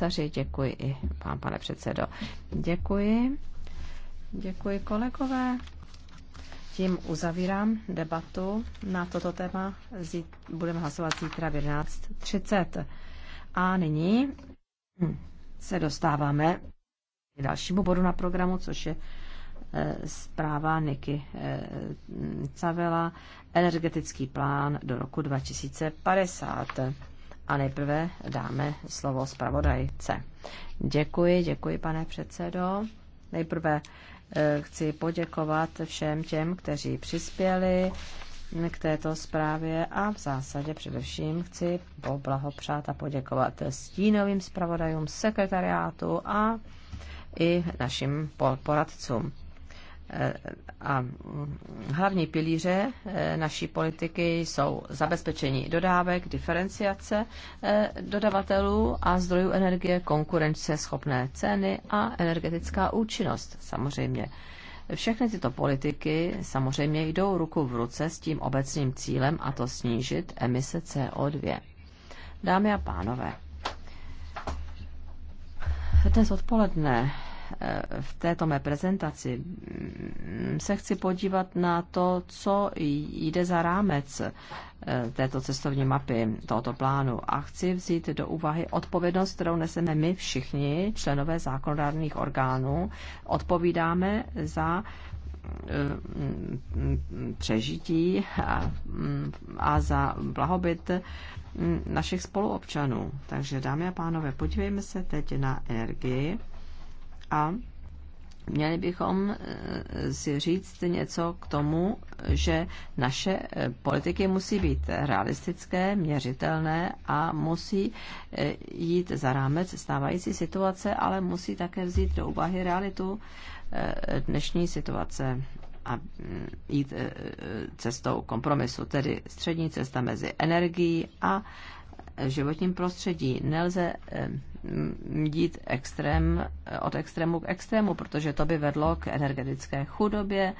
komisaři, děkuji i vám, pane předsedo. Děkuji. Děkuji kolegové. Tím uzavírám debatu na toto téma. Zít, budeme hlasovat zítra v 11.30. A nyní se dostáváme k dalšímu bodu na programu, což je e, zpráva Niky e, Cavela, energetický plán do roku 2050. A nejprve dáme slovo zpravodajce. Děkuji, děkuji, pane předsedo. Nejprve eh, chci poděkovat všem těm, kteří přispěli k této zprávě a v zásadě především chci poblahopřát a poděkovat stínovým zpravodajům sekretariátu a i našim poradcům. Eh, a mm, hlavní pilíře eh, naší politiky jsou zabezpečení dodávek, diferenciace eh, dodavatelů a zdrojů energie, konkurence, schopné ceny a energetická účinnost samozřejmě. Všechny tyto politiky samozřejmě jdou ruku v ruce s tím obecným cílem a to snížit emise CO2. Dámy a pánové, dnes odpoledne Eh, v této mé prezentaci mm, se chci podívat na to, co jde za rámec eh, této cestovní mapy, tohoto plánu a chci vzít do úvahy odpovědnost, kterou neseme my všichni, členové zákonodárných orgánů, odpovídáme za eh, mm, přežití a, mm, a za blahobyt našich spoluobčanů. Takže, dámy a pánové, podívejme se teď na energii a měli bychom eh, si říct něco k tomu, že naše eh, politiky musí být realistické, měřitelné a musí eh, jít za rámec stávající situace, ale musí také vzít do úvahy realitu dnešní situace a mm, jít cestou kompromisu, tedy střední cesta mezi energií a životním prostředí. Nelze jít extrém, od extrému k extrému, protože to by vedlo k energetické chudobě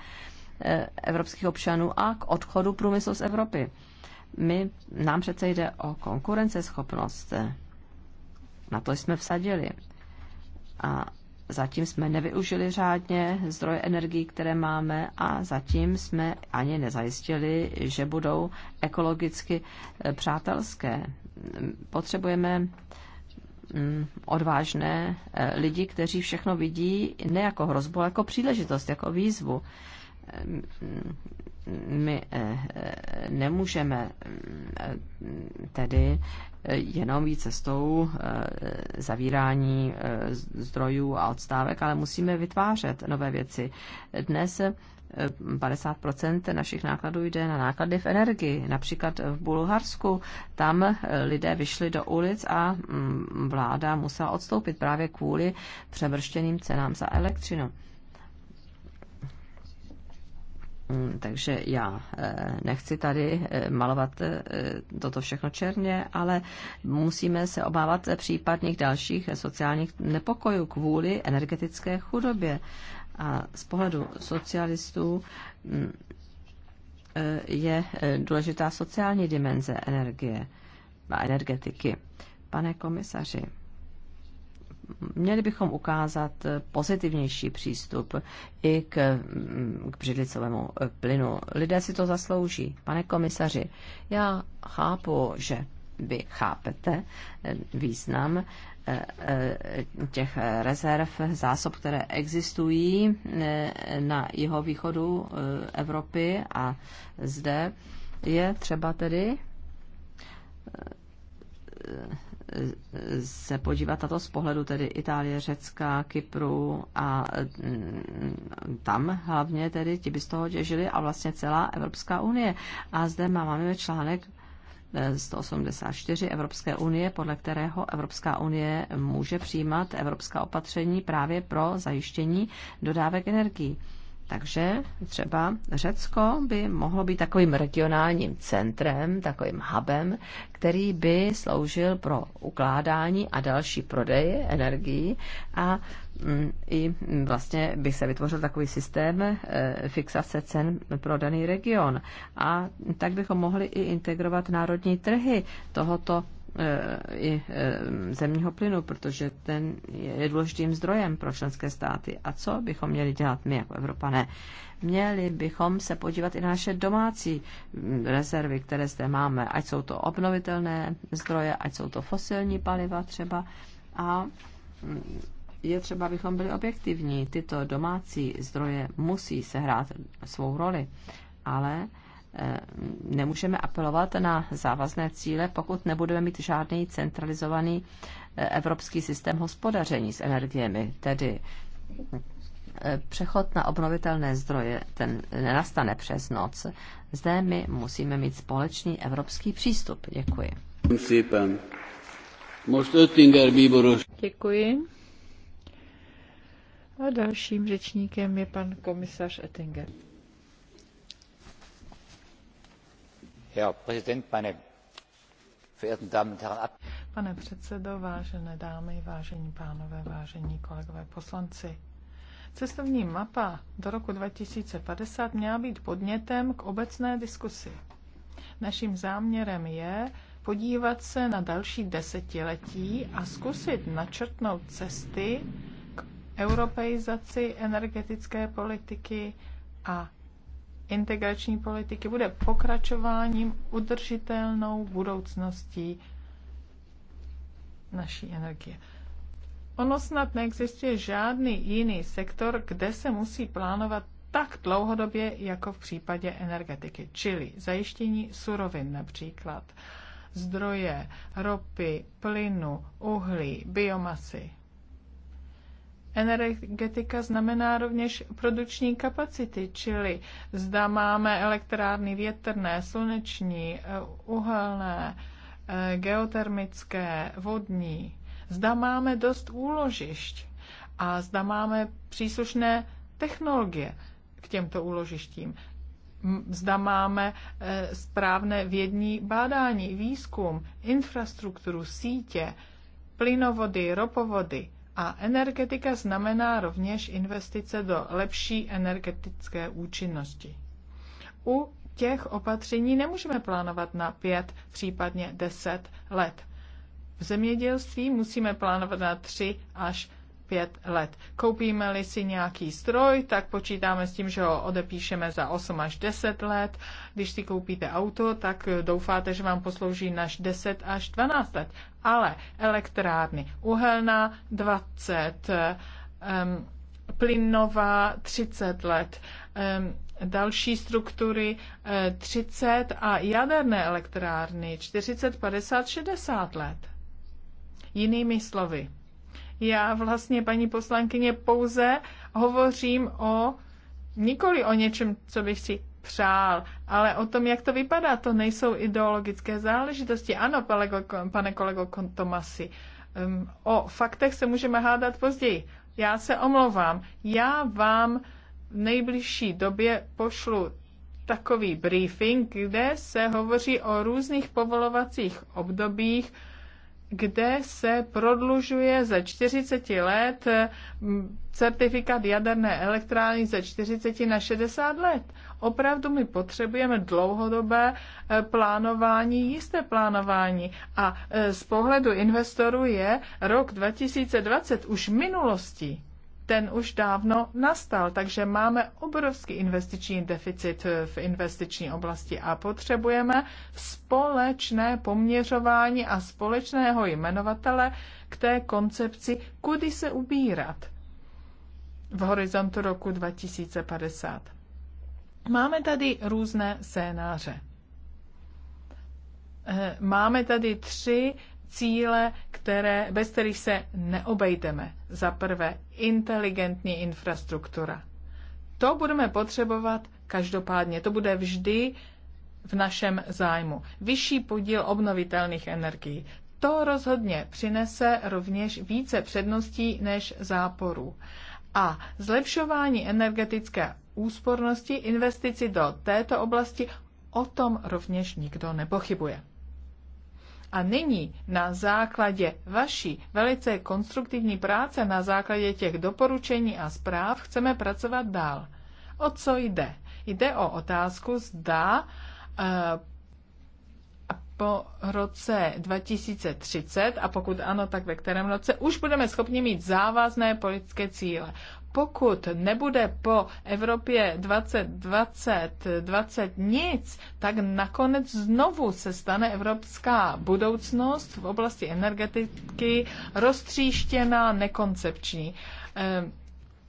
eh, evropských občanů a k odchodu průmyslu z Evropy. My, nám přece jde o konkurenceschopnost. Na to jsme vsadili. A zatím jsme nevyužili řádně zdroje energii, které máme a zatím jsme ani nezajistili, že budou ekologicky eh, přátelské. Potřebujeme Mm, odvážné eh, lidi, kteří všechno vidí ne jako hrozbu, ale jako příležitost, jako výzvu. Eh, mm, mm, my eh, nemůžeme tedy jenom jít cestou zavírání zdrojů a odstávek, ale musíme vytvářet nové věci. Dnes 50 našich nákladů jde na náklady v energii. Například v Bulharsku tam lidé vyšli do ulic a mm, vláda musela odstoupit právě kvůli přemrštěným cenám za elektřinu. Mm, takže já e, nechci tady e, malovat e, toto všechno černě, ale musíme se obávat případných dalších sociálních nepokojů kvůli energetické chudobě. A z pohledu socialistů mm, eh, je eh, důležitá sociální dimenze energie a energetiky. Pane komisaři, měli bychom ukázat pozitivnější přístup i k, mm, k břidlicovému eh, plynu. Lidé si to zaslouží. Pane komisaři, já chápu, že vy chápete význam těch rezerv, zásob, které existují eh, na jeho východu eh, Evropy a zde je třeba tedy eh, se podívat na to z pohledu tedy Itálie, Řecka, Kypru a mm, tam hlavně tedy ti by z toho těžili a vlastně celá Evropská unie. A zde máme článek 184 Evropské unie, podle kterého Evropská unie může přijímat evropská opatření právě pro zajištění dodávek energií. Takže třeba Řecko by mohlo být takovým regionálním centrem, takovým hubem, který by sloužil pro ukládání a další prodeje energií a mm, i mm, vlastně by se vytvořil takový systém e, fixace cen pro daný region. A tak bychom mohli i integrovat národní trhy tohoto E, i e, zemního plynu, protože ten je důležitým zdrojem pro členské státy. A co bychom měli dělat my jako Evropané? Měli bychom se podívat i na naše domácí rezervy, které zde máme, ať jsou to obnovitelné zdroje, ať jsou to fosilní paliva třeba. A je třeba, abychom byli objektivní. Tyto domácí zdroje musí sehrát svou roli, ale Eh, nemůžeme apelovat na závazné cíle, pokud nebudeme mít žádný centralizovaný eh, evropský systém hospodaření s energiemi. Tedy eh, přechod na obnovitelné zdroje, ten nenastane přes noc. Zde my musíme mít společný evropský přístup. Děkuji. Děkuji. A dalším řečníkem je pan komisař Ettinger. Pane předsedo, vážené dámy, vážení pánové, vážení kolegové poslanci, cestovní mapa do roku 2050 měla být podnětem k obecné diskusi. Naším záměrem je podívat se na další desetiletí a zkusit načrtnout cesty k europeizaci energetické politiky a integrační politiky bude pokračováním udržitelnou budoucností naší energie. Ono snad neexistuje žádný jiný sektor, kde se musí plánovat tak dlouhodobě, jako v případě energetiky, čili zajištění surovin například, zdroje, ropy, plynu, uhlí, biomasy. Energetika znamená rovněž produkční kapacity, čili zda máme elektrárny větrné, sluneční, eh, uhelné, eh, geotermické, vodní, zda máme dost úložišť a zda máme příslušné technologie k těmto úložištím. Zda máme eh, správné vědní bádání, výzkum, infrastrukturu, sítě, plynovody, ropovody – a energetika znamená rovněž investice do lepší energetické účinnosti. U těch opatření nemůžeme plánovat na pět, případně deset let. V zemědělství musíme plánovat na tři až pět let. Koupíme-li si nějaký stroj, tak počítáme s tím, že ho odepíšeme za 8 až 10 let. Když si koupíte auto, tak eh, doufáte, že vám poslouží naš 10 až 12 let. Ale elektrárny, uhelná 20, um, plynová 30 let, um, další struktury 30 eh, a jaderné elektrárny 40, 50, 60 let. Jinými slovy, já vlastně, paní poslankyně, pouze hovořím o nikoli o něčem, co bych si přál, ale o tom, jak to vypadá, to nejsou ideologické záležitosti. Ano, pane kolego Tomasi. um, o faktech se můžeme hádat později. Já se omlouvám. Já vám v nejbližší době pošlu takový briefing, kde se hovoří o různých povolovacích obdobích, kde se prodlužuje ze 40 let certifikát jaderné elektrárny ze 40 na 60 let. Opravdu my potřebujeme dlouhodobé e, plánování, jisté plánování. A e, z pohledu investorů je rok 2020 už minulostí ten už dávno nastal, takže máme obrovský investiční deficit v investiční oblasti a potřebujeme společné poměřování a společného jmenovatele k té koncepci, kudy se ubírat v horizontu roku 2050. Máme tady různé scénáře. Eh, máme tady tři cíle, které, bez kterých se neobejdeme. Za prvé, inteligentní infrastruktura. To budeme potřebovat každopádně. To bude vždy v našem zájmu. Vyšší podíl obnovitelných energií. To rozhodně přinese rovněž více předností než záporů. A zlepšování energetické úspornosti, investici do této oblasti, o tom rovněž nikdo nepochybuje. A nyní na základě vaší velice konstruktivní práce, na základě těch doporučení a zpráv chceme pracovat dál. O co jde? Jde o otázku, zda eh, po roce 2030 a pokud ano, tak ve kterém roce už budeme schopni mít závazné politické cíle pokud nebude po Evropě 2020 20 nic, tak nakonec znovu se stane evropská budoucnost v oblasti energetiky roztříštěná, nekoncepční. Ehm,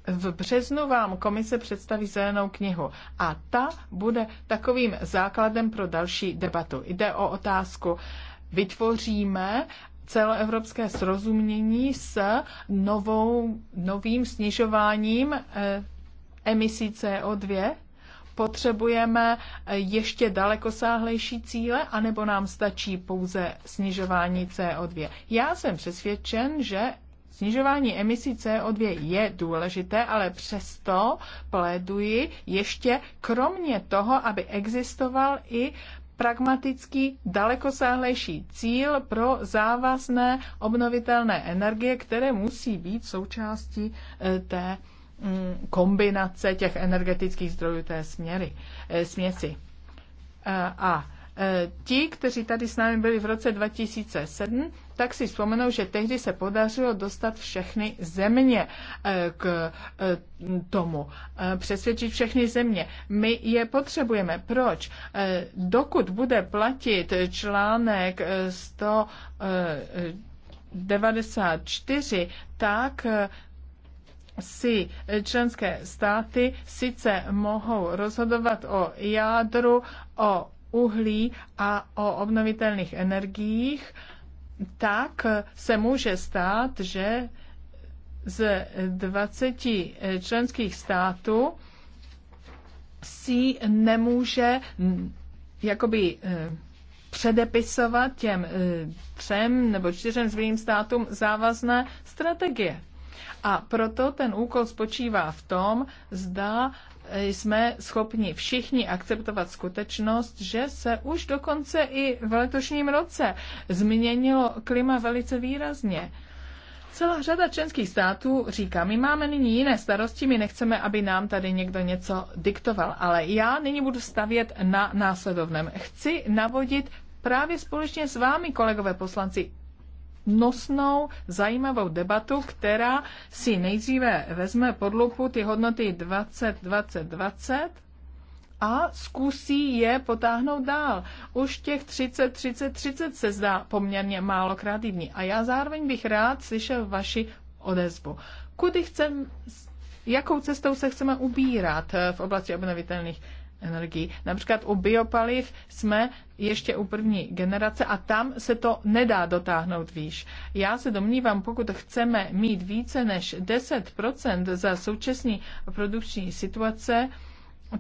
v březnu vám komise představí zelenou knihu a ta bude takovým základem pro další debatu. Jde o otázku, vytvoříme celoevropské srozumění s novou, novým snižováním eh, emisí CO2? Potřebujeme eh, ještě dalekosáhlejší cíle, anebo nám stačí pouze snižování CO2? Já jsem přesvědčen, že Snižování emisí CO2 je důležité, ale přesto pléduji ještě kromě toho, aby existoval i pragmatický, dalekosáhlejší cíl pro závazné obnovitelné energie, které musí být součástí eh, té mm, kombinace těch energetických zdrojů té směry, eh, směsi. Eh, a ti, kteří tady s námi byli v roce 2007, tak si vzpomenou, že tehdy se podařilo dostat všechny země eh, k eh, tomu, eh, přesvědčit všechny země. My je potřebujeme. Proč? Dokud bude platit článek 194, tak si členské státy sice mohou rozhodovat o jádru, o uhlí a o obnovitelných energiích, tak se může stát, že z 20 eh, členských států si nemůže mm, jakoby eh, předepisovat těm eh, třem nebo čtyřem zbylým státům závazné strategie. A proto ten úkol spočívá v tom, zda jsme schopni všichni akceptovat skutečnost, že se už dokonce i v letošním roce změnilo klima velice výrazně. Celá řada členských států říká, my máme nyní jiné starosti, my nechceme, aby nám tady někdo něco diktoval, ale já nyní budu stavět na následovném. Chci navodit právě společně s vámi, kolegové poslanci, nosnou, zajímavou debatu, která si nejdříve vezme pod lupu ty hodnoty 20, 20, 20 a zkusí je potáhnout dál. Už těch 30, 30, 30 se zdá poměrně málo kreativní. A já zároveň bych rád slyšel vaši odezvu. Kudy chcem, jakou cestou se chceme ubírat eh, v oblasti obnovitelných energii. Například u biopaliv jsme ještě u první generace a tam se to nedá dotáhnout výš. Já se domnívám, pokud chceme mít více než 10% za současný produkční situace,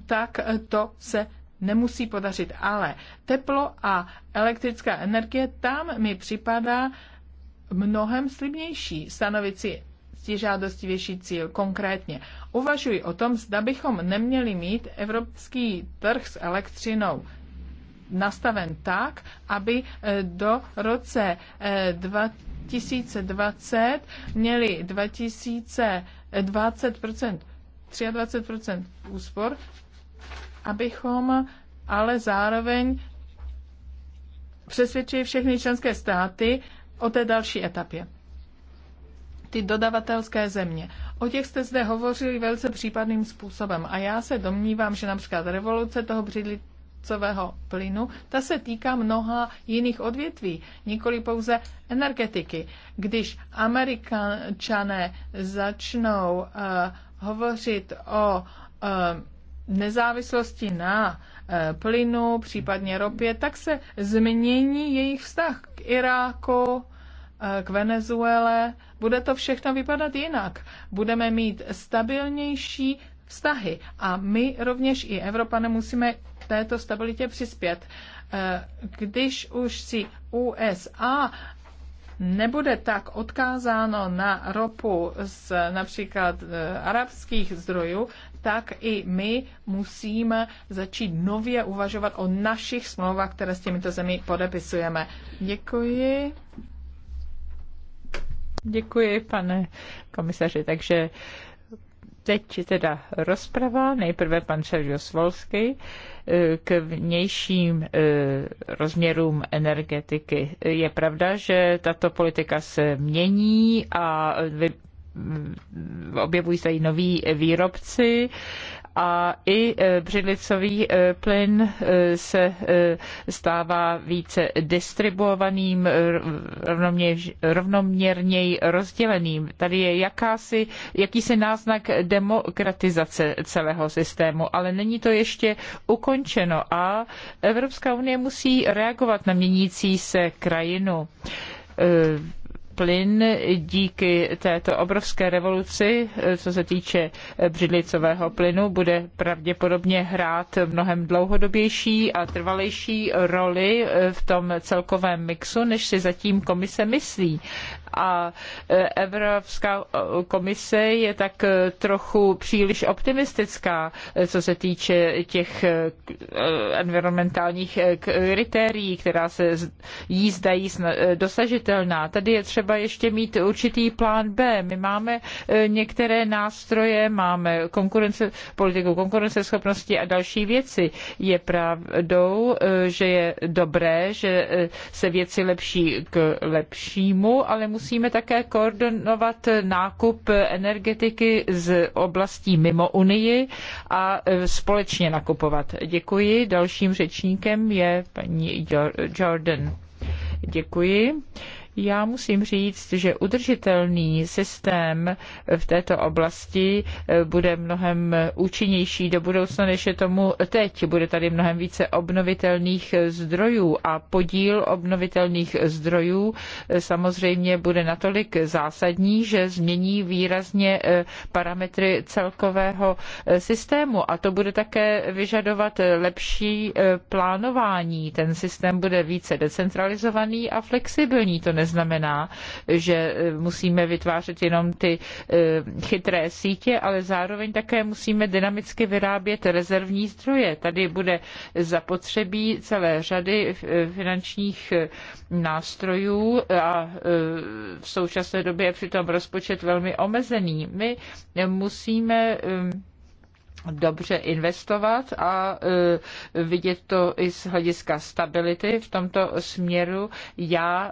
tak to se nemusí podařit. Ale teplo a elektrická energie, tam mi připadá mnohem slibnější stanovit si stižádostivější cíl. Konkrétně uvažuji o tom, zda bychom neměli mít evropský trh s elektřinou nastaven tak, aby eh, do roce 2020 eh, měli 2020 23% úspor, abychom ale zároveň přesvědčili všechny členské státy o té další etapě ty dodavatelské země. O těch jste zde hovořili velice případným způsobem a já se domnívám, že například revoluce toho břidlicového plynu, ta se týká mnoha jiných odvětví, nikoli pouze energetiky. Když američané začnou uh, hovořit o uh, nezávislosti na eh, plynu, případně ropě, tak se změní jejich vztah k Iráku, Eh, k Venezuele, bude to všechno vypadat jinak. Budeme mít stabilnější vztahy a my rovněž i Evropa musíme této stabilitě přispět. Eh, když už si USA nebude tak odkázáno na ropu z například eh, arabských zdrojů, tak i my musíme začít nově uvažovat o našich smlouvách, které s těmito zemí podepisujeme. Děkuji. Děkuji, pane komisaři. Takže teď teda rozprava. Nejprve pan Sergio Svolsky eh, k vnějším eh, rozměrům energetiky. Je pravda, že tato politika se mění a vy objevují se i noví výrobci a i e, břidlicový e, plyn e, se stává více distribuovaným, rovnoměrněji rozděleným. Tady je jakási, jakýsi náznak demokratizace celého systému, ale není to ještě ukončeno a Evropská unie musí reagovat na měnící se krajinu plyn díky této obrovské revoluci, co se týče břidlicového plynu, bude pravděpodobně hrát mnohem dlouhodobější a trvalejší roli v tom celkovém mixu, než si zatím komise myslí a e, Evropská komise je tak trochu příliš optimistická, e, co se týče těch e, environmentálních kritérií, která se jí zdají dosažitelná. Tady je třeba třeba ještě mít určitý plán B. My máme e, některé nástroje, máme konkurence, politiku konkurenceschopnosti a další věci. Je pravdou, e, že je dobré, že e, se věci lepší k lepšímu, ale musíme také koordinovat nákup energetiky z oblastí mimo Unii a společně nakupovat. Děkuji. Dalším řečníkem je paní Jordan. Děkuji. Já musím říct, že udržitelný systém v této oblasti eh, bude mnohem účinnější do budoucna, než je tomu teď. Bude tady mnohem více obnovitelných eh, zdrojů a podíl obnovitelných zdrojů eh, samozřejmě bude natolik zásadní, že změní výrazně parametry celkového systému a to bude také vyžadovat lepší plánování. Ten systém bude více decentralizovaný a flexibilní. To neznamená, že e, musíme vytvářet jenom ty e, chytré sítě, ale zároveň také musíme dynamicky vyrábět rezervní zdroje. Tady bude zapotřebí celé řady e, finančních nástrojů a v současné době je přitom rozpočet velmi omezený. My musíme dobře investovat a e, vidět to i z hlediska stability. V tomto směru já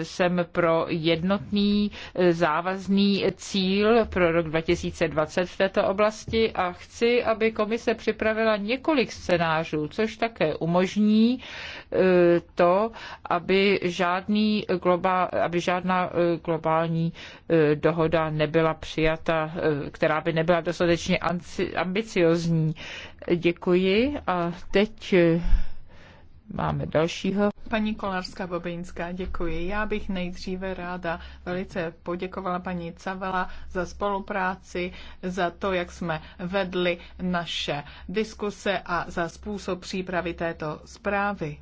e, jsem pro jednotný e, závazný cíl pro rok 2020 v této oblasti a chci, aby komise připravila několik scénářů, což také umožní to, aby, žádný globál, aby žádná globální dohoda nebyla přijata, která by nebyla dostatečně ambiciozní ambiciozní. Děkuji a teď eh, máme dalšího. Paní Kolarská Bobeňská, děkuji. Já bych nejdříve ráda velice poděkovala paní Cavela za spolupráci, za to, jak jsme vedli naše diskuse a za způsob přípravy této zprávy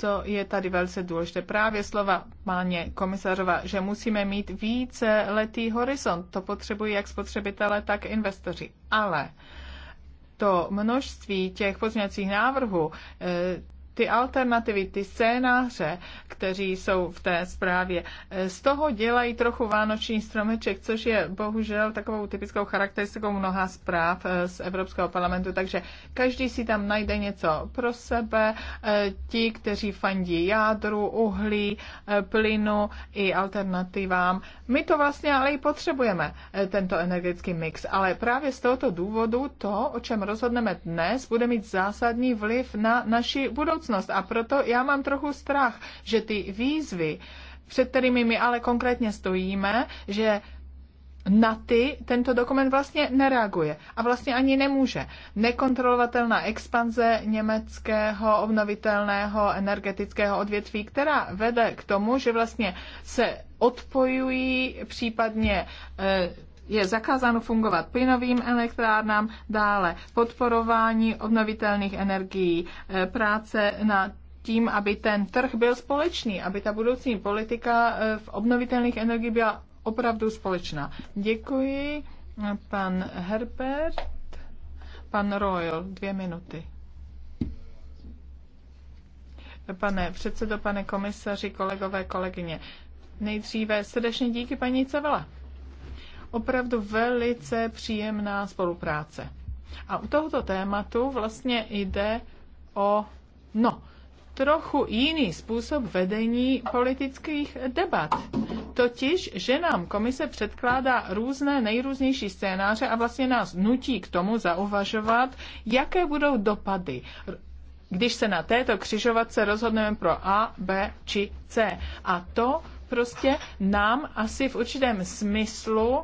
co je tady velice důležité. Právě slova páně komisařova, že musíme mít více letý horizont. To potřebují jak spotřebitelé, tak investoři. Ale to množství těch pozměňovacích návrhů, eh, ty alternativy, ty scénáře, kteří jsou v té zprávě, eh, z toho dělají trochu vánoční stromeček, což je bohužel takovou typickou charakteristikou mnoha zpráv eh, z Evropského parlamentu. Takže každý si tam najde něco pro sebe. Eh, ti, kteří fandí jádru, uhlí, plynu i alternativám. My to vlastně ale i potřebujeme, tento energetický mix. Ale právě z tohoto důvodu to, o čem rozhodneme dnes, bude mít zásadní vliv na naši budoucnost budoucnost. A proto já mám trochu strach, že ty výzvy, před kterými my ale konkrétně stojíme, že na ty tento dokument vlastně nereaguje a vlastně ani nemůže. Nekontrolovatelná expanze německého obnovitelného energetického odvětví, která vede k tomu, že vlastně se odpojují případně eh, je zakázáno fungovat plynovým elektrárnám, dále podporování obnovitelných energií, e, práce na tím, aby ten trh byl společný, aby ta budoucí politika e, v obnovitelných energií byla opravdu společná. Děkuji. E, pan Herbert, pan Royal, dvě minuty. Pane předsedo, pane komisaři, kolegové, kolegyně. Nejdříve srdečně díky paní Cavela opravdu velice příjemná spolupráce. A u tohoto tématu vlastně jde o, no, trochu jiný způsob vedení politických debat. Totiž, že nám komise předkládá různé nejrůznější scénáře a vlastně nás nutí k tomu zauvažovat, jaké budou dopady když se na této křižovatce rozhodneme pro A, B či C. A to prostě nám asi v určitém smyslu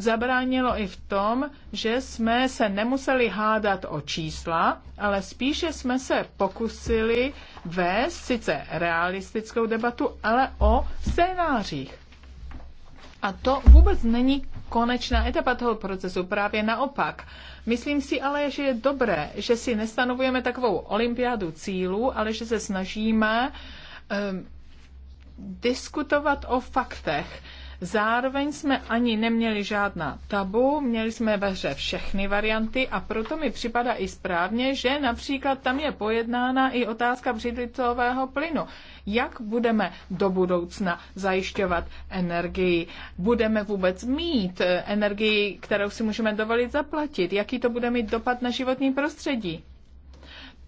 zabránilo i v tom, že jsme se nemuseli hádat o čísla, ale spíše jsme se pokusili vést sice realistickou debatu, ale o scénářích. A to vůbec není konečná etapa toho procesu, právě naopak. Myslím si ale, že je dobré, že si nestanovujeme takovou olympiádu cílů, ale že se snažíme um, diskutovat o faktech, Zároveň jsme ani neměli žádná tabu, měli jsme ve hře všechny varianty a proto mi připadá i správně, že například tam je pojednána i otázka břidlicového plynu. Jak budeme do budoucna zajišťovat energii? Budeme vůbec mít eh, energii, kterou si můžeme dovolit zaplatit? Jaký to bude mít dopad na životní prostředí?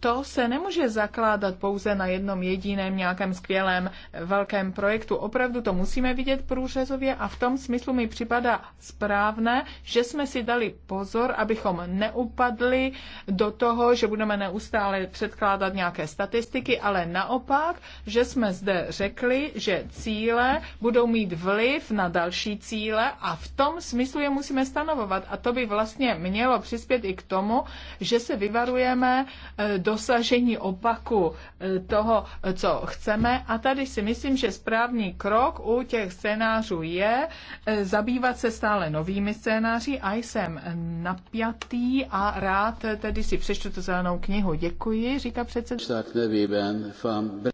to se nemůže zakládat pouze na jednom jediném nějakém skvělém eh, velkém projektu. Opravdu to musíme vidět průřezově a v tom smyslu mi připadá správné, že jsme si dali pozor, abychom neupadli do toho, že budeme neustále předkládat nějaké statistiky, ale naopak, že jsme zde řekli, že cíle budou mít vliv na další cíle a v tom smyslu je musíme stanovovat. A to by vlastně mělo přispět i k tomu, že se vyvarujeme eh, do dosažení opaku e, toho, co chceme. A tady si myslím, že správný krok u těch scénářů je e, zabývat se stále novými scénáři a jsem napjatý a rád tedy si přečtu tu zelenou knihu. Děkuji, říká předseda.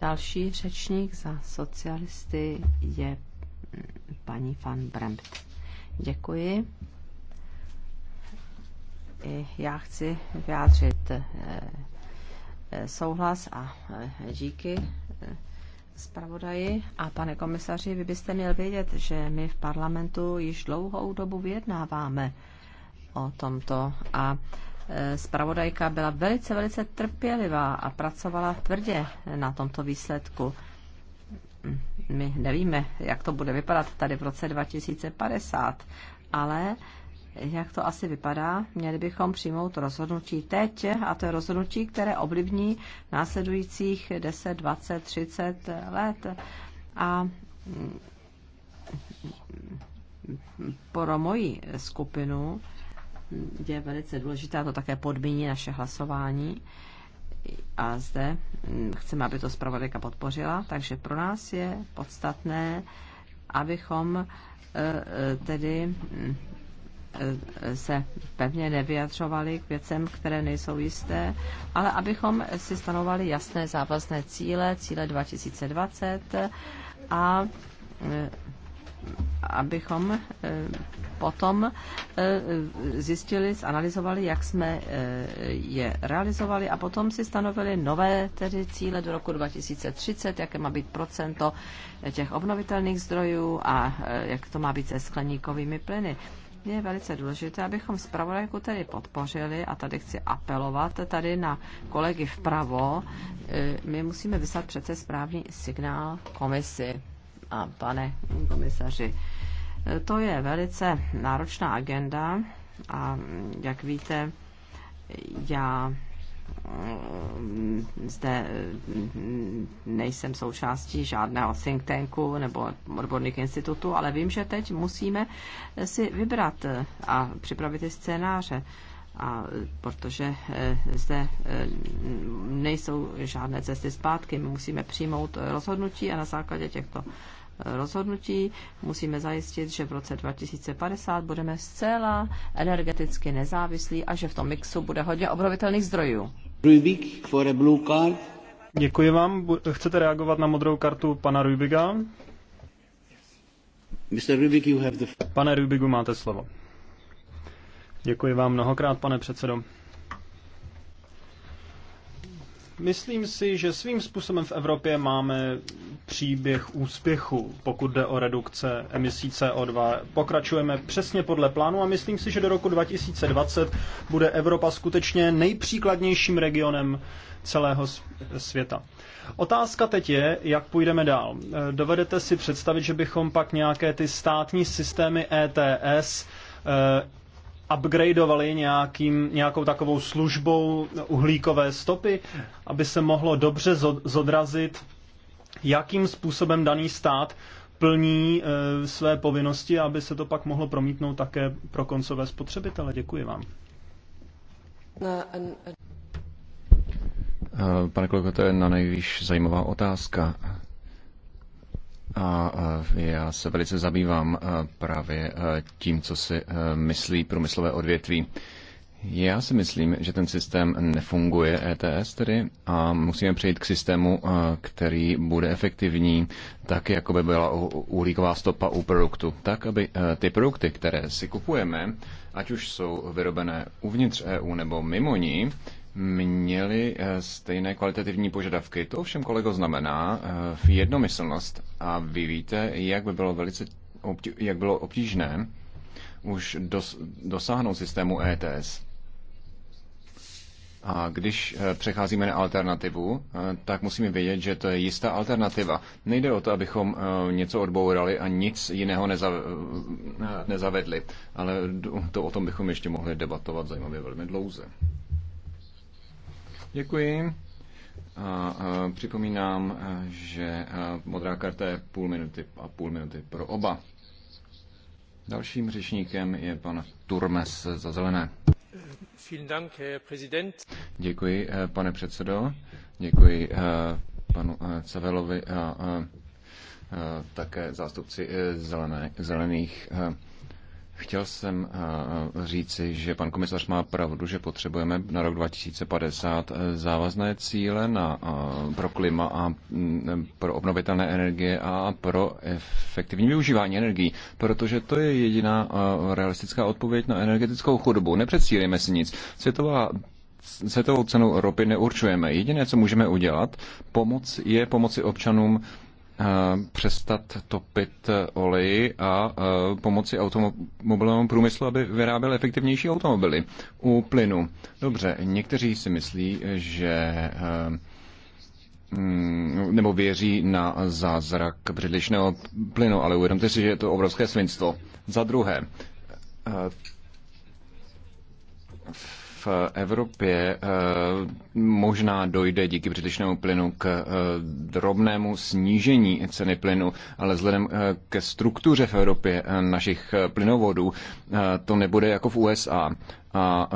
Další řečník za socialisty je mm, paní van Brempt. Děkuji. I já chci vyjádřit e, Eh, souhlas a eh, díky eh, zpravodaji. A pane komisaři, vy byste měl vědět, že my v parlamentu již dlouhou dobu vyjednáváme o tomto a zpravodajka byla velice, velice trpělivá a pracovala tvrdě na tomto výsledku. My nevíme, jak to bude vypadat tady v roce 2050, ale jak to asi vypadá, měli bychom přijmout rozhodnutí teď, a to je rozhodnutí, které oblivní následujících 10, 20, 30 let. A mm, pro moji skupinu je velice důležité, a to také podmíní naše hlasování, a zde mm, chceme, aby to zpravodajka podpořila, takže pro nás je podstatné, abychom e, e, tedy mm, Eh, se pevně nevyjadřovali k věcem, které nejsou jisté, ale abychom si stanovali jasné závazné cíle, cíle 2020 a eh, abychom eh, potom zjistili, zanalizovali, jak jsme je realizovali a potom si stanovili nové tedy cíle do roku 2030, jaké má být procento těch obnovitelných zdrojů a jak to má být se skleníkovými plyny. Vlastně je velice důležité, abychom zpravodajku tedy podpořili a tady chci apelovat tady na kolegy vpravo. E, my musíme vyslat přece správný signál komisi. A pane komisaři, e, to je velice náročná agenda a jak víte, já Eh, zde eh, nejsem součástí žádného think tanku nebo odborných institutů, ale vím, že teď musíme si vybrat eh, a připravit ty scénáře a protože zde nejsou žádné cesty zpátky. My musíme přijmout rozhodnutí a na základě těchto rozhodnutí musíme zajistit, že v roce 2050 budeme zcela energeticky nezávislí a že v tom mixu bude hodně obrovitelných zdrojů for a blue card. Děkuji vám. Chcete reagovat na modrou kartu pana Rubiga? Pane Rubigu, máte slovo. Děkuji vám mnohokrát, pane předsedo. Myslím si, že svým způsobem v Evropě máme příběh úspěchu, pokud jde o redukce emisí CO2. Pokračujeme přesně podle plánu a myslím si, že do roku 2020 bude Evropa skutečně nejpříkladnějším regionem celého světa. Otázka teď je, jak půjdeme dál. Dovedete si představit, že bychom pak nějaké ty státní systémy ETS eh, upgradeovali nějakým, nějakou takovou službou uhlíkové stopy, aby se mohlo dobře zodrazit, jakým způsobem daný stát plní e, své povinnosti, aby se to pak mohlo promítnout také pro koncové spotřebitele. Děkuji vám. Pane kolego, to je na nejvíc zajímavá otázka a já se velice zabývám právě tím, co si myslí průmyslové odvětví. Já si myslím, že ten systém nefunguje, ETS tedy, a musíme přejít k systému, který bude efektivní, tak jako by byla uhlíková stopa u produktu. Tak, aby ty produkty, které si kupujeme, ať už jsou vyrobené uvnitř EU nebo mimo ní, měli eh, stejné kvalitativní požadavky. To ovšem, kolego, znamená eh, jednomyslnost. A vy víte, jak by bylo velice obtí, jak bylo obtížné už dos, dosáhnout systému ETS. A když eh, přecházíme na alternativu, tak musíme vědět, že to je jistá alternativa. Nejde o to, abychom něco odbourali a nic jiného nezavedli, ale to o tom bychom ještě mohli debatovat zajímavě velmi dlouze. Děkuji. A, a připomínám, eh, že eh, modrá karta je půl minuty a půl minuty pro oba. Dalším řečníkem je pan Turmes za zelené. Děkuji, eh, pane předsedo. Děkuji panu Cavelovi a také zástupci zelené, zelených Chtěl jsem eh, eh, říci, že pan komisař má pravdu, že potřebujeme na rok 2050 eh, závazné cíle na, pro klima a mm, pro obnovitelné energie a pro efektivní využívání energií, protože to je jediná realistická odpověď na energetickou chudobu. Nepředstírejme si nic. Světová světovou cenu ropy neurčujeme. Jediné, co můžeme udělat, pomoc je pomoci občanům Eh, přestat topit eh, oleji a eh, pomoci automobilovému průmyslu, aby vyráběl efektivnější automobily. U plynu. Dobře, někteří si myslí, že mm, nebo věří na zázrak břidličného plynu, ale uvědomte si, že je to obrovské svinstvo. Za druhé, Evropě eh, možná dojde díky břidličnému plynu k eh, drobnému snížení ceny plynu, ale vzhledem eh, ke struktuře v Evropě našich plynovodů to nebude jako v USA. A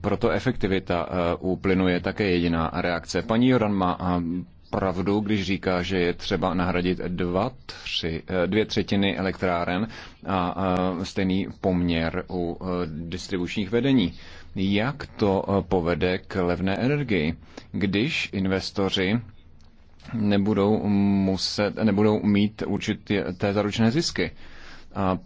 proto efektivita u plynu je také jediná reakce. Paní Joran má pravdu, když říká, že je třeba nahradit dva, tři, dvě třetiny elektráren a stejný poměr u distribučních vedení jak to eh, povede k levné energii, když investoři nebudou, muset, nebudou mít určitě té zaručené zisky. A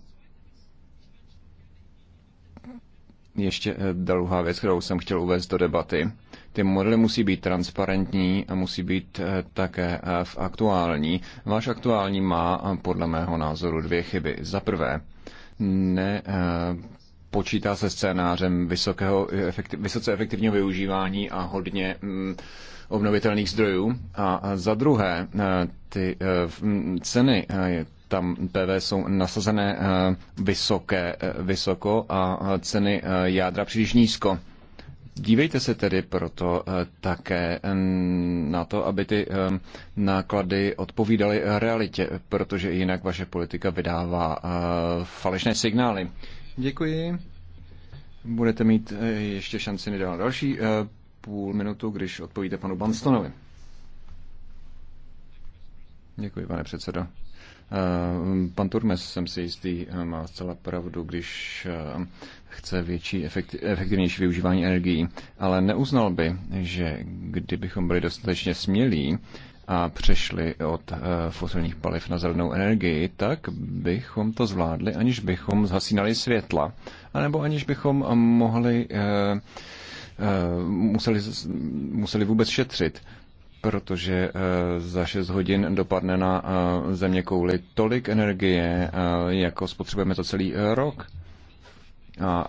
ještě eh, druhá věc, kterou jsem chtěl uvést do debaty. Ty modely musí být transparentní a musí být eh, také v aktuální. Váš aktuální má podle mého názoru dvě chyby. Za prvé, ne počítá se scénářem vysokého, efektiv, vysoce efektivního využívání a hodně mm, obnovitelných zdrojů. A za druhé, e, ty e, ceny e, tam PV jsou nasazené vysoké, vysoko a ceny jádra příliš nízko. Dívejte se tedy proto také na to, aby ty náklady odpovídaly realitě, protože jinak vaše politika vydává falešné signály. Děkuji. Budete mít eh, ještě šanci na další eh, půl minutu, když odpovíte panu Banstonovi. Děkuji, pane předsedo. Eh, pan Turmes, jsem si jistý, má zcela pravdu, když chce větší, efektivnější využívání energií, ale neuznal by, že kdybychom byli dostatečně smělí, a přešli od eh, fosilních paliv na zelenou energii, tak bychom to zvládli, aniž bychom zhasínali světla, anebo aniž bychom mohli, eh, eh, museli, museli vůbec šetřit protože za 6 hodin dopadne na země kouli tolik energie, jako spotřebujeme za celý rok. A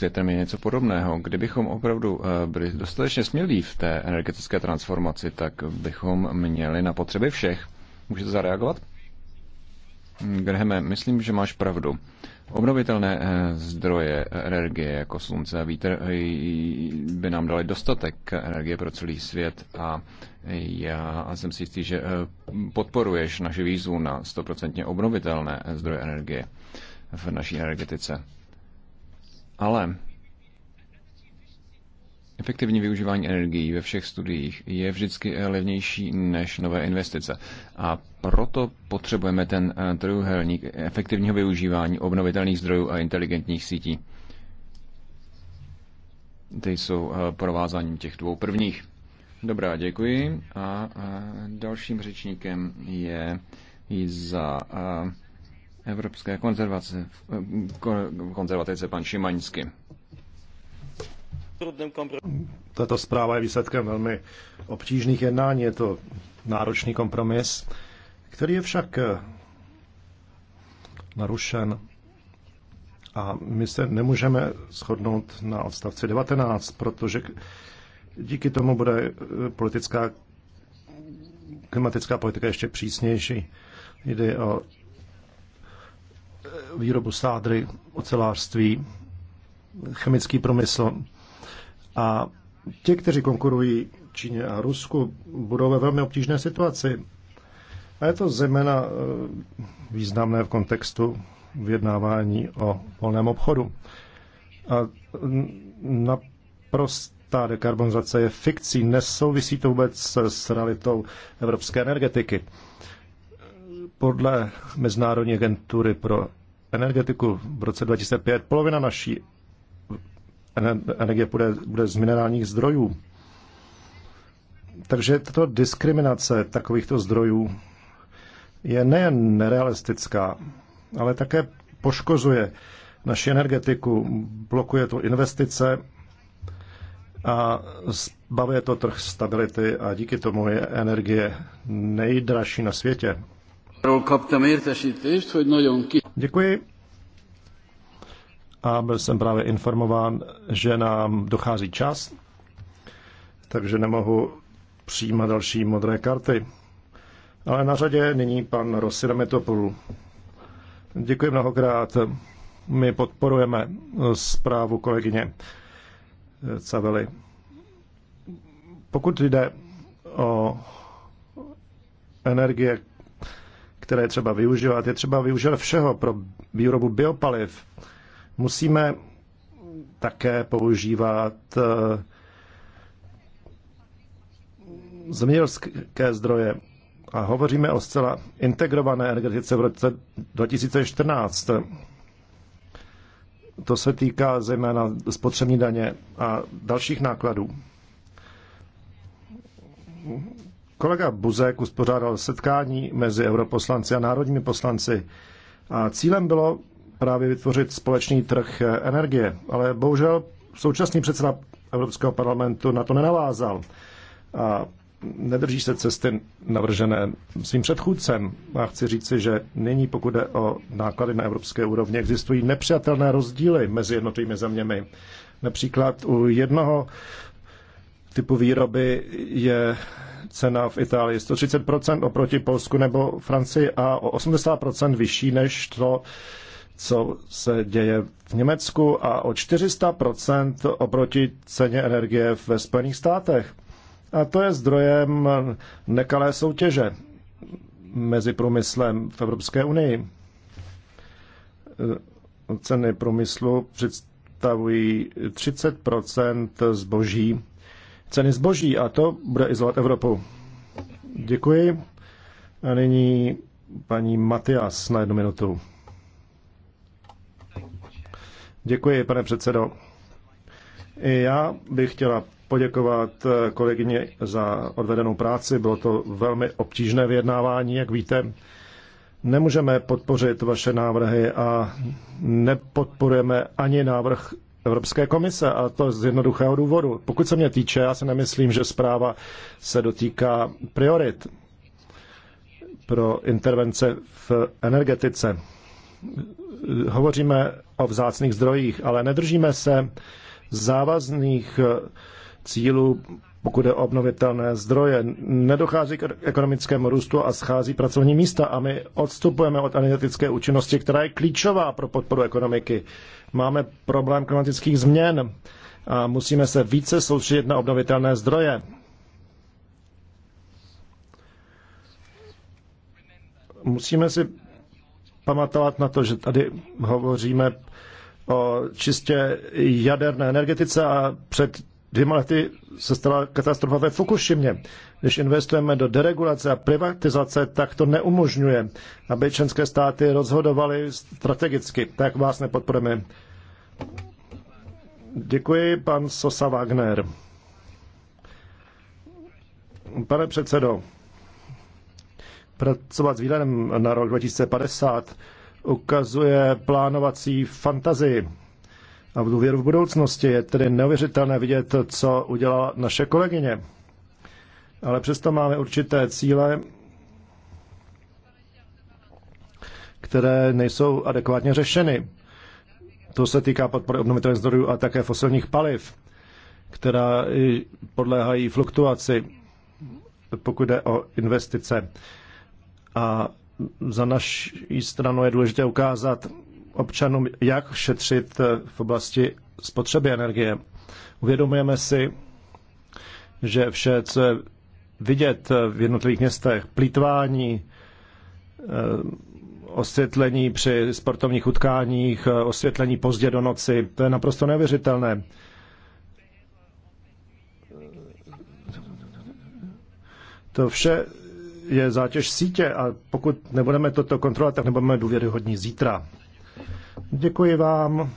větrem je něco podobného. Kdybychom opravdu e, byli dostatečně smělí v té energetické transformaci, tak bychom měli na potřeby všech. Můžete zareagovat? Grahame, myslím, že máš pravdu. Obnovitelné e, zdroje energie jako slunce a vítr e, by nám dali dostatek energie pro celý svět a já jsem si jistý, že podporuješ naši výzvu na 100% obnovitelné zdroje energie v naší energetice. Ale efektivní využívání energií ve všech studiích je vždycky levnější než nové investice. A proto potřebujeme ten eh, trojuhelník efektivního využívání obnovitelných zdrojů a inteligentních sítí. Ty jsou eh, provázáním těch dvou prvních. Dobrá, děkuji. A eh, dalším řečníkem je za evropské konzervace, eh, konzervatice pan Šimaňsky. Tato zpráva je výsledkem velmi obtížných jednání. Je to náročný kompromis, který je však eh, narušen. A my se nemůžeme shodnout na odstavci 19, protože díky tomu bude eh, politická klimatická politika ještě přísnější. Jde o výrobu sádry, ocelářství, chemický průmysl. A ti, kteří konkurují Číně a Rusku, budou ve velmi obtížné situaci. A je to zejména e, významné v kontextu vyjednávání o volném obchodu. A naprostá dekarbonizace je fikcí, nesouvisí to vůbec s realitou evropské energetiky. Podle Mezinárodní agentury pro energetiku v roce 2005. Polovina naší energie bude, bude z minerálních zdrojů. Takže tato diskriminace takovýchto zdrojů je nejen nerealistická, ale také poškozuje naši energetiku, blokuje to investice a zbavuje to trh stability a díky tomu je energie nejdražší na světě. Děkuji. A byl jsem právě informován, že nám dochází čas, takže nemohu přijímat další modré karty. Ale na řadě nyní pan Rosina Metopolu. Děkuji mnohokrát. My podporujeme zprávu kolegyně Cavely. Pokud jde o energie, které je třeba využívat. Je třeba využívat všeho pro výrobu biopaliv. Musíme také používat eh, zemědělské zdroje. A hovoříme o zcela integrované energetice v roce 2014. To se týká zejména spotřební daně a dalších nákladů Kolega Buzek uspořádal setkání mezi europoslanci a národními poslanci a cílem bylo právě vytvořit společný trh energie, ale bohužel současný předseda Evropského parlamentu na to nenavázal a nedrží se cesty navržené svým předchůdcem. A chci říci, že nyní, pokud jde o náklady na evropské úrovni, existují nepřijatelné rozdíly mezi jednotlivými zeměmi. Například u jednoho typu výroby je cena v Itálii 130% oproti Polsku nebo Francii a o 80% vyšší než to, co se děje v Německu a o 400% oproti ceně energie ve Spojených státech. A to je zdrojem nekalé soutěže mezi průmyslem v Evropské unii. Ceny průmyslu představují 30 zboží ceny zboží a to bude izolovat Evropu. Děkuji. A nyní paní Matias na jednu minutu. Děkuji, pane předsedo. I já bych chtěla poděkovat kolegyně za odvedenou práci. Bylo to velmi obtížné vyjednávání, jak víte. Nemůžeme podpořit vaše návrhy a nepodporujeme ani návrh Evropské komise a to z jednoduchého důvodu. Pokud se mě týče, já si nemyslím, že zpráva se dotýká priorit pro intervence v energetice. Hovoříme o vzácných zdrojích, ale nedržíme se závazných cílů, pokud je obnovitelné zdroje. Nedochází k ekonomickému růstu a schází pracovní místa a my odstupujeme od energetické účinnosti, která je klíčová pro podporu ekonomiky. Máme problém klimatických změn a musíme se více soustředit na obnovitelné zdroje. Musíme si pamatovat na to, že tady hovoříme o čistě jaderné energetice a před dvěma lety se stala katastrofa ve Fukushimě. Když investujeme do deregulace a privatizace, tak to neumožňuje, aby členské státy rozhodovaly strategicky. Tak vás nepodporujeme. Děkuji, pan Sosa Wagner. Pane předsedo, pracovat s výhledem na rok 2050 ukazuje plánovací fantazii a v důvěru v budoucnosti. Je tedy neuvěřitelné vidět, co udělala naše kolegyně. Ale přesto máme určité cíle, které nejsou adekvátně řešeny. To se týká podpory obnovitelných zdrojů a také fosilních paliv, která podléhají fluktuaci, pokud jde o investice. A za naší stranu je důležité ukázat, občanům, jak šetřit eh, v oblasti spotřeby energie. Uvědomujeme si, že vše, co je vidět eh, v jednotlivých městech, plítvání, eh, osvětlení při sportovních utkáních, osvětlení pozdě do noci, to je naprosto neuvěřitelné. To vše je zátěž sítě a pokud nebudeme toto kontrolovat, tak nebudeme důvěryhodní zítra. Děkuji vám.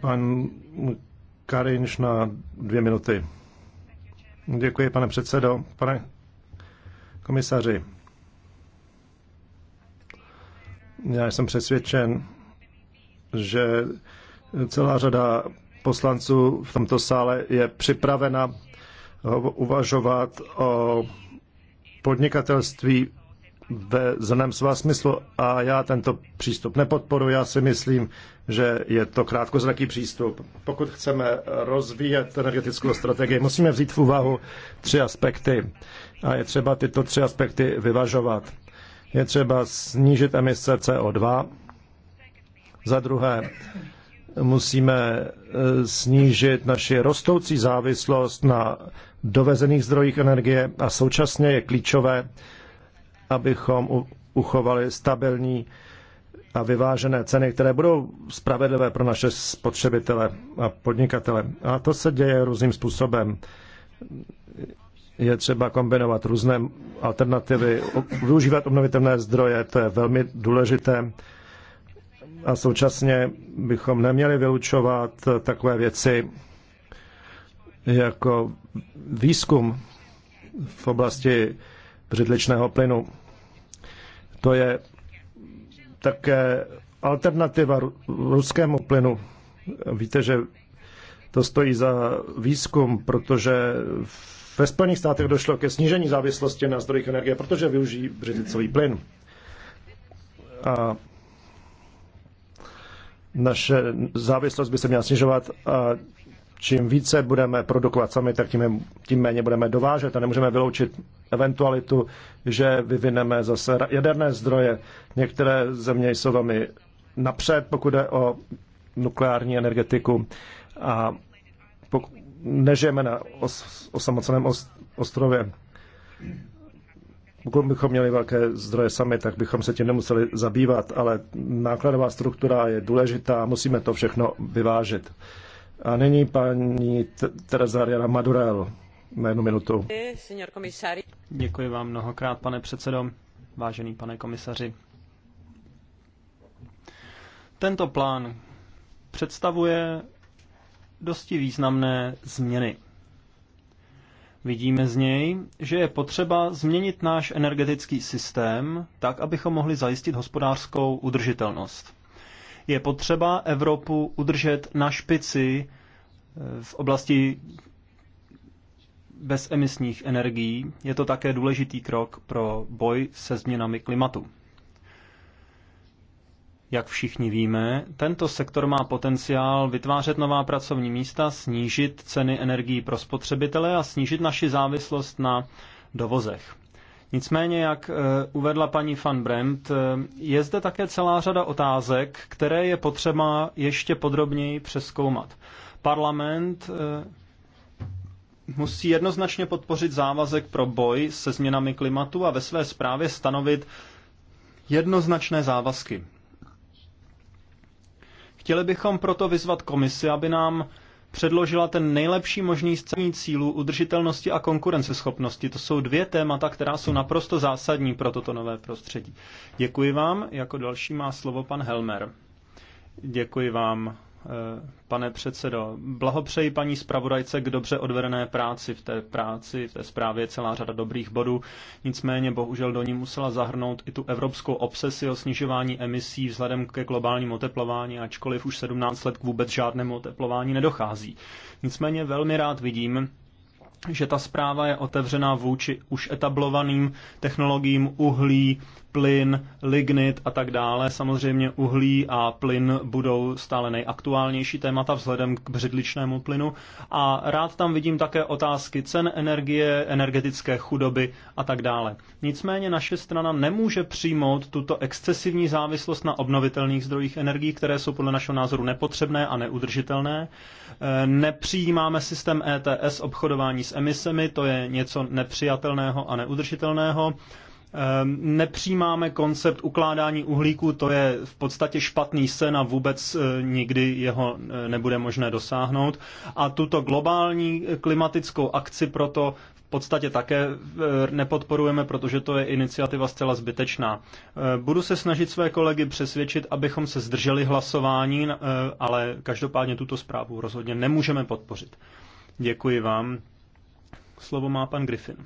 Pan Karinš na dvě minuty. Děkuji, pane předsedo. Pane komisaři, já jsem přesvědčen, že celá řada poslanců v tomto sále je připravena uvažovat o podnikatelství ve zrném svá smyslu a já tento přístup nepodporuji. Já si myslím, že je to krátkozraký přístup. Pokud chceme rozvíjet energetickou strategii, musíme vzít v úvahu tři aspekty a je třeba tyto tři aspekty vyvažovat. Je třeba snížit emise CO2. Za druhé, musíme eh, snížit naši rostoucí závislost na dovezených zdrojích energie a současně je klíčové, abychom uchovali stabilní a vyvážené ceny, které budou spravedlivé pro naše spotřebitele a podnikatele. A to se děje různým způsobem. Je třeba kombinovat různé alternativy, využívat obnovitelné zdroje, to je velmi důležité. A současně bychom neměli vylučovat takové věci jako výzkum v oblasti břidličného plynu. To je také alternativa ruskému plynu. Víte, že to stojí za výzkum, protože ve Spojených státech došlo ke snížení závislosti na zdrojích energie, protože využijí břidlicový plyn. A naše závislost by se měla snižovat a čím více budeme produkovat sami, tak tím, tím méně budeme dovážet a nemůžeme vyloučit eventualitu, že vyvineme zase jaderné zdroje. Některé země jsou velmi napřed, pokud jde o nukleární energetiku a pok- nežijeme na os- osamoceném os- ostrově. Pokud bychom měli velké zdroje sami, tak bychom se tím nemuseli zabývat, ale nákladová struktura je důležitá a musíme to všechno vyvážit. A nyní paní Teresa Madurel na jednu minutu. Děkuji vám mnohokrát, pane předsedo, vážený pane komisaři. Tento plán představuje dosti významné změny. Vidíme z něj, že je potřeba změnit náš energetický systém tak, abychom mohli zajistit hospodářskou udržitelnost. Je potřeba Evropu udržet na špici eh, v oblasti bezemisních energií. Je to také důležitý krok pro boj se změnami klimatu. Jak všichni víme, tento sektor má potenciál vytvářet nová pracovní místa, snížit ceny energií pro spotřebitele a snížit naši závislost na dovozech. Nicméně, jak eh, uvedla paní van Brandt, eh, je zde také celá řada otázek, které je potřeba ještě podrobněji přeskoumat. Parlament eh, musí jednoznačně podpořit závazek pro boj se změnami klimatu a ve své zprávě stanovit jednoznačné závazky. Chtěli bychom proto vyzvat komisi, aby nám předložila ten nejlepší možný scénní cílů udržitelnosti a konkurenceschopnosti. To jsou dvě témata, která jsou naprosto zásadní pro toto nové prostředí. Děkuji vám. Jako další má slovo pan Helmer. Děkuji vám. Eh, pane předsedo. Blahopřeji paní zpravodajce k dobře odvedené práci. V té práci, v té zprávě celá řada dobrých bodů. Nicméně bohužel do ní musela zahrnout i tu evropskou obsesi o snižování emisí vzhledem ke globálnímu oteplování, ačkoliv už 17 let k vůbec žádnému oteplování nedochází. Nicméně velmi rád vidím, že ta zpráva je otevřená vůči už etablovaným technologiím uhlí, plyn, lignit a tak dále. Samozřejmě uhlí a plyn budou stále nejaktuálnější témata vzhledem k břidličnému plynu. A rád tam vidím také otázky cen energie, energetické chudoby a tak dále. Nicméně naše strana nemůže přijmout tuto excesivní závislost na obnovitelných zdrojích energií, které jsou podle našeho názoru nepotřebné a neudržitelné. E, nepřijímáme systém ETS obchodování s emisemi, to je něco nepřijatelného a neudržitelného. Ehm, nepřijímáme koncept ukládání uhlíku, to je v podstatě špatný sen a vůbec e, nikdy jeho e, nebude možné dosáhnout. A tuto globální klimatickou akci proto v podstatě také e, nepodporujeme, protože to je iniciativa zcela zbytečná. Budu se snažit své kolegy přesvědčit, abychom se zdrželi hlasování, ale každopádně tuto zprávu rozhodně nemůžeme podpořit. Děkuji vám. Slovo má pan Griffin.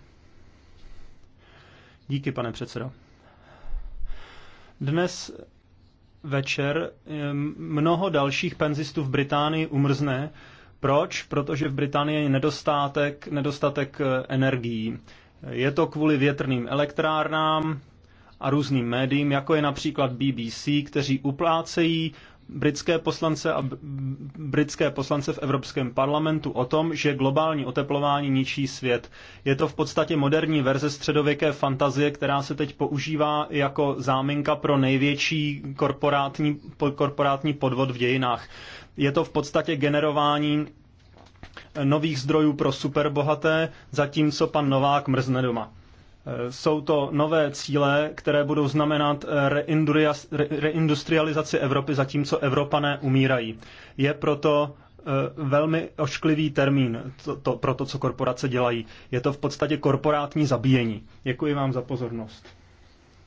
Díky, pane předsedo. Dnes večer ehm, mnoho dalších penzistů v Británii umrzne. Proč? Protože v Británii je nedostatek, nedostatek eh, energií. Je to kvůli větrným elektrárnám a různým médiím, jako je například BBC, kteří uplácejí britské poslance a britské poslance v Evropském parlamentu o tom, že globální oteplování ničí svět. Je to v podstatě moderní verze středověké fantazie, která se teď používá jako záminka pro největší korporátní, korporátní podvod v dějinách. Je to v podstatě generování nových zdrojů pro superbohaté, zatímco pan Novák mrzne doma. Eh, jsou to nové cíle, které budou znamenat eh, reindustrializaci Evropy, zatímco Evropané umírají. Je proto eh, velmi ošklivý termín to, to, pro to, co korporace dělají. Je to v podstatě korporátní zabíjení. Děkuji vám za pozornost.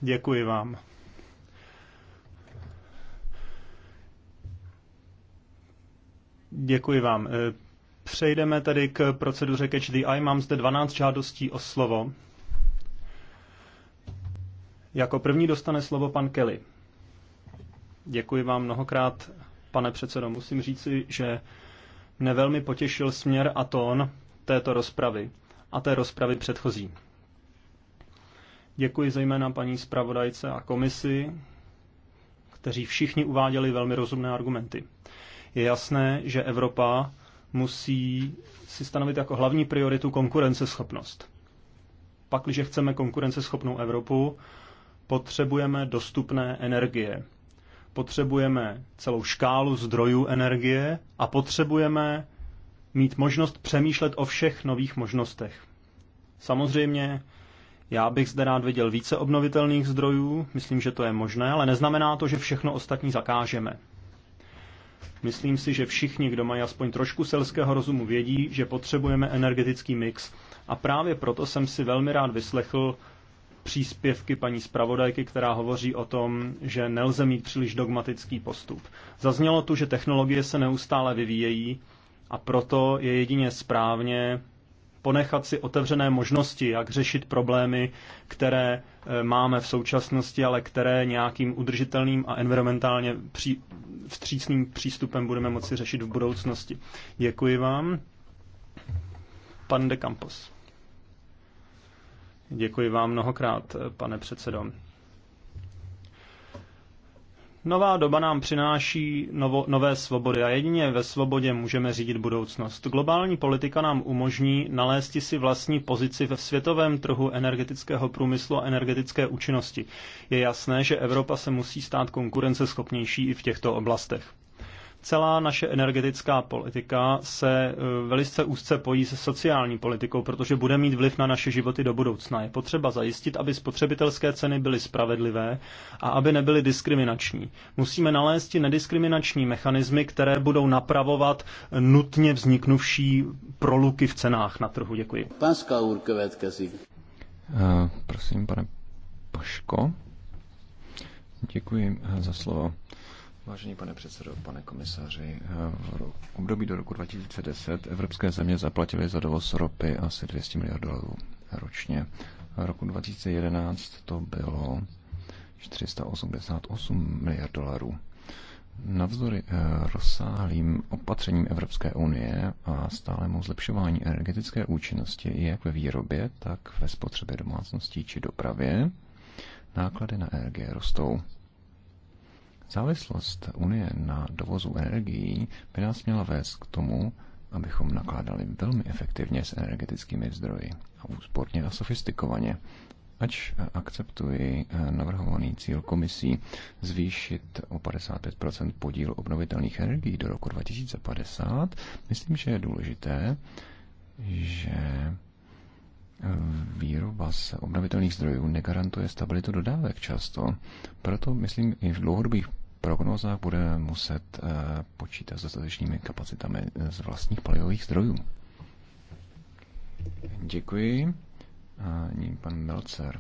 Děkuji vám. Děkuji vám. Přejdeme tedy k proceduře Catch the Eye. Mám zde 12 žádostí o slovo. Jako první dostane slovo pan Kelly. Děkuji vám mnohokrát, pane předsedo. Musím říci, že mne velmi potěšil směr a tón této rozpravy a té rozpravy předchozí. Děkuji zejména paní zpravodajce a komisi, kteří všichni uváděli velmi rozumné argumenty. Je jasné, že Evropa musí si stanovit jako hlavní prioritu konkurenceschopnost. Pakliže chceme konkurenceschopnou Evropu, potřebujeme dostupné energie. Potřebujeme celou škálu zdrojů energie a potřebujeme mít možnost přemýšlet o všech nových možnostech. Samozřejmě, já bych zde rád viděl více obnovitelných zdrojů, myslím, že to je možné, ale neznamená to, že všechno ostatní zakážeme. Myslím si, že všichni, kdo mají aspoň trošku selského rozumu, vědí, že potřebujeme energetický mix. A právě proto jsem si velmi rád vyslechl příspěvky paní zpravodajky, která hovoří o tom, že nelze mít příliš dogmatický postup. Zaznělo tu, že technologie se neustále vyvíjejí a proto je jedině správně ponechat si otevřené možnosti, jak řešit problémy, které eh, máme v současnosti, ale které nějakým udržitelným a environmentálně pří, vstřícným přístupem budeme moci řešit v budoucnosti. Děkuji vám. Pan de Campos. Děkuji vám mnohokrát, pane předsedo. Nová doba nám přináší novo, nové svobody a jedině ve svobodě můžeme řídit budoucnost. Globální politika nám umožní nalézt si vlastní pozici ve světovém trhu energetického průmyslu a energetické účinnosti. Je jasné, že Evropa se musí stát konkurenceschopnější i v těchto oblastech. Celá naše energetická politika se e, velice úzce pojí se sociální politikou, protože bude mít vliv na naše životy do budoucna. Je potřeba zajistit, aby spotřebitelské ceny byly spravedlivé a aby nebyly diskriminační. Musíme nalézt nediskriminační mechanismy, které budou napravovat nutně vzniknuvší proluky v cenách na trhu. Děkuji. Paská urkovetkazí. Uh, e, prosím, pane Paško. Děkuji e, za slovo. Vážený pane předsedo, pane komisaři, v období do roku 2010 evropské země zaplatily za dovoz ropy asi 200 miliard dolarů ročně. V roku 2011 to bylo 488 miliard dolarů. Navzdory eh, rozsáhlým opatřením Evropské unie a stálemu zlepšování energetické účinnosti jak ve výrobě, tak ve spotřebě domácností či dopravě, náklady na energie rostou. Závislost Unie na dovozu energií by nás měla vést k tomu, abychom nakládali velmi efektivně s energetickými zdroji a úsporně a sofistikovaně. Ač akceptuji eh, navrhovaný cíl komisí zvýšit o 55 podíl obnovitelných energií do roku 2050, myslím, že je důležité, že výroba z obnovitelných zdrojů negarantuje stabilitu dodávek často. Proto, myslím, i v dlouhodobých prognozách budeme muset eh, počítat s dostatečnými kapacitami z vlastních palivových zdrojů. Děkuji. A ním pan Melcer.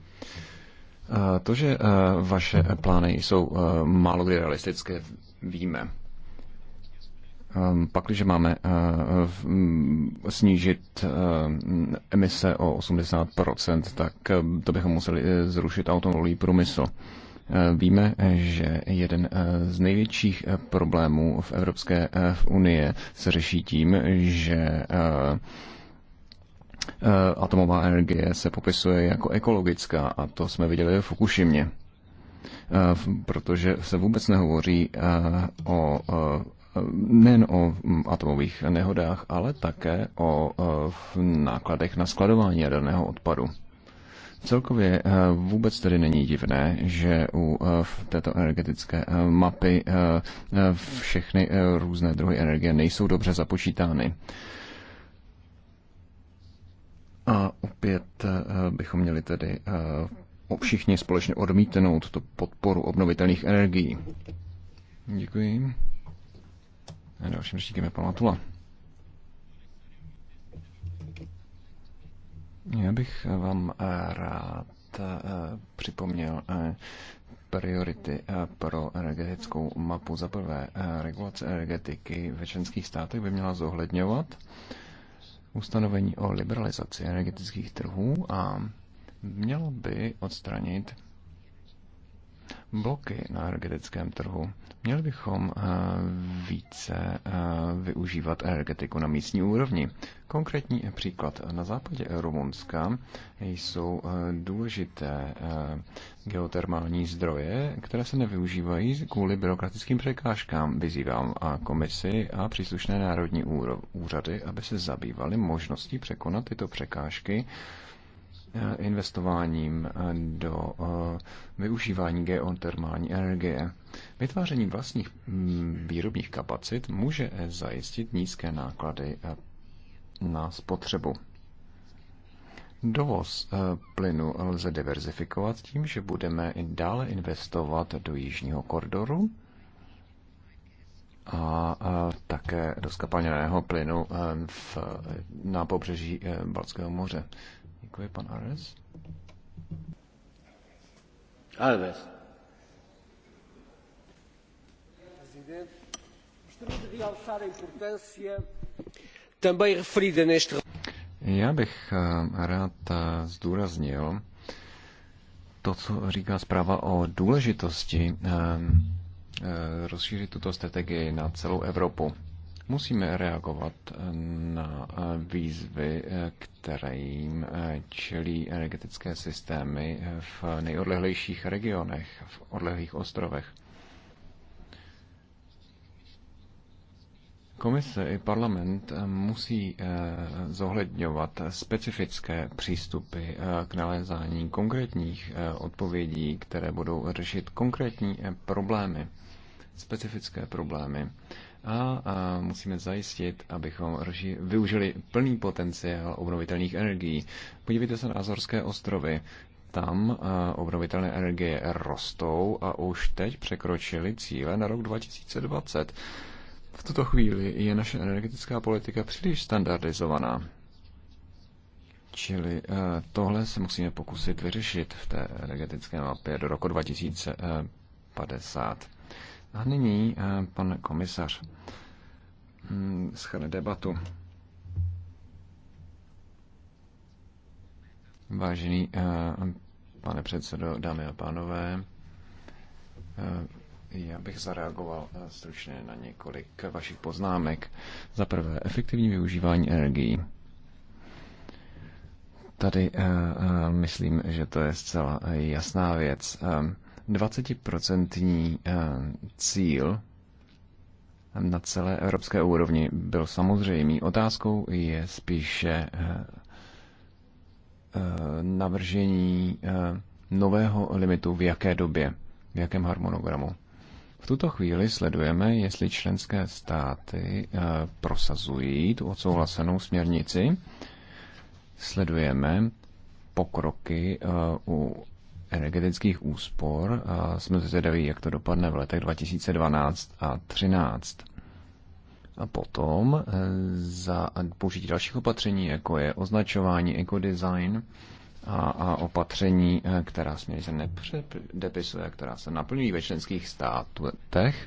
Eh, to, že eh, vaše plány jsou málo kdy realistické, víme. Ehm, Pak, když máme eh, mm, snížit eh, emise o 80%, tak eh, to bychom museli zrušit automobilový průmysl. Víme, že jeden z největších problémů v Evropské unie se řeší tím, že atomová energie se popisuje jako ekologická a to jsme viděli v Fukushimě protože se vůbec nehovoří o nejen o mm, atomových nehodách, ale také o e, nákladech na skladování jaderného odpadu. Celkově e, vůbec tedy není divné, že u e, této energetické mapy všechny různé druhy energie nejsou dobře započítány. A opět bychom měli tedy všichni společně odmítnout tu podporu obnovitelných energií. Děkuji. Dalším řečníkem je pan Matula. Já bych vám eh, rád eh, připomněl eh, priority pro energetickou mapu. Za prvé, regulace energetiky ve členských státech by měla zohledňovat ustanovení o liberalizaci energetických trhů a mělo by odstranit bloky na energetickém trhu. Měli bychom eh, více eh, využívat energetiku na místní úrovni. Konkrétní příklad. Na západě Rumunska jsou eh, důležité geotermální zdroje, které se nevyužívají kvůli byrokratickým překážkám. Vyzývám a komisi a příslušné národní úřady, aby se zabývaly možností překonat tyto překážky Eh, investováním eh, do eh, využívání geotermální energie. Vytváření vlastních mm, výrobních kapacit může zajistit nízké náklady na spotřebu. Dovoz plynu lze diverzifikovat tím, že budeme i dále investovat do jižního koridoru a, také do skapalněného plynu v, na pobřeží Balckého moře. Děkuji, pan Ares. Alves. Já bych eh, rád eh, zdůraznil to, co říká zpráva o důležitosti eh, rozšířit tuto strategii na celou Evropu. Musíme reagovat eh, na eh, výzvy, eh, kterým čelí energetické systémy v nejodlehlejších regionech, v odlehlých ostrovech. Komise i parlament musí zohledňovat specifické přístupy k nalézání konkrétních odpovědí, které budou řešit konkrétní problémy, specifické problémy a, a musíme zajistit, abychom využili plný potenciál obnovitelných energií. Podívejte se na Azorské ostrovy. Tam obnovitelné energie rostou a už teď překročili cíle na rok 2020. V tuto chvíli je naše energetická politika příliš standardizovaná. Čili tohle se musíme pokusit vyřešit v té energetické mapě do roku 2050. A nyní eh, pan komisař hm, schrne debatu. Vážený eh, pane předsedo, dámy a pánové, eh, já bych zareagoval stručně na několik vašich poznámek. Za prvé, efektivní využívání energií. Tady myslím, že to je zcela jasná věc. 20% eh, cíl na celé evropské úrovni byl samozřejmý. Otázkou je spíše eh, eh, navržení nového limitu v jaké době, v jakém harmonogramu. V tuto chvíli sledujeme, jestli členské státy prosazují tu odsouhlasenou směrnici. Sledujeme pokroky u energetických úspor. A jsme zvědaví, jak to dopadne v letech 2012 a 2013. A potom eh, za použití dalších opatření, jako je označování ekodesign a, a opatření, eh, která směrnice nepředepisuje, která se naplňují ve členských státech.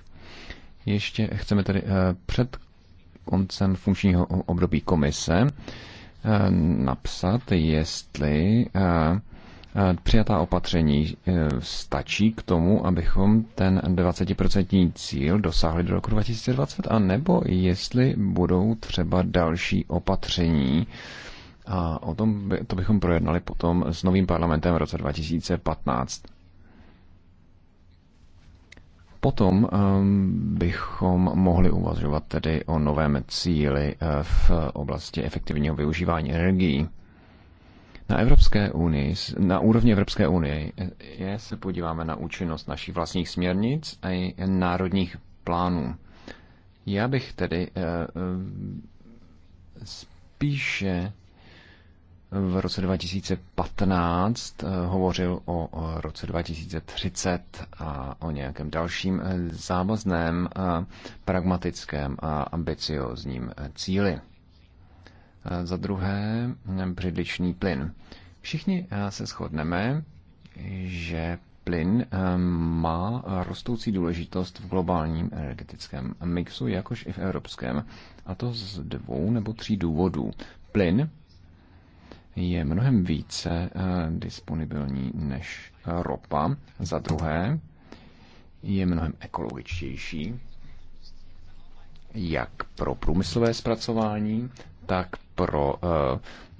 Ještě chceme tedy eh, před koncem funkčního období komise napsat, jestli Eh, přijatá opatření eh, stačí k tomu, abychom ten 20% cíl dosáhli do roku 2020, a nebo jestli budou třeba další opatření. A o tom by, to bychom projednali potom s novým parlamentem v roce 2015. Potom ehm, bychom mohli uvažovat tedy o novém cíli eh, v oblasti efektivního využívání energií. Na, Evropské unii, na úrovni Evropské unie je, se podíváme na účinnost našich vlastních směrnic a i národních plánů. Já bych tedy eh, eh, spíše v roce 2015 eh, hovořil o roce 2030 a o nějakém dalším závazném, pragmatickém a ambiciozním cíli. Eh, za druhé, eh, břidličný plyn. Všichni eh, se shodneme, že plyn má rostoucí důležitost v globálním energetickém mixu, jakož i v evropském. A to z dvou nebo tří důvodů. Plyn je mnohem více disponibilní než ropa. Za druhé, je mnohem ekologičtější, jak pro průmyslové zpracování, tak pro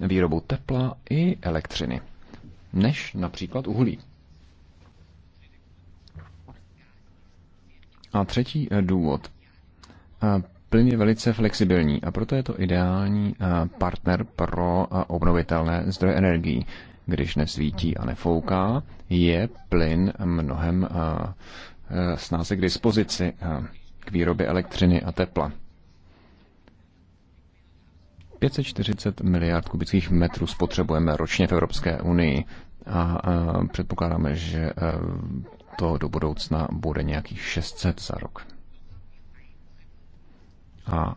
eh, výrobu tepla i elektřiny, než například uhlí. A třetí eh, důvod. Eh, plyn je velice flexibilní a proto je to ideální partner pro obnovitelné zdroje energií. Když nesvítí a nefouká, je plyn mnohem snáze k dispozici k výrobě elektřiny a tepla. 540 miliard kubických metrů spotřebujeme ročně v Evropské unii a předpokládáme, že e, to do budoucna bude nějakých 600 za rok. A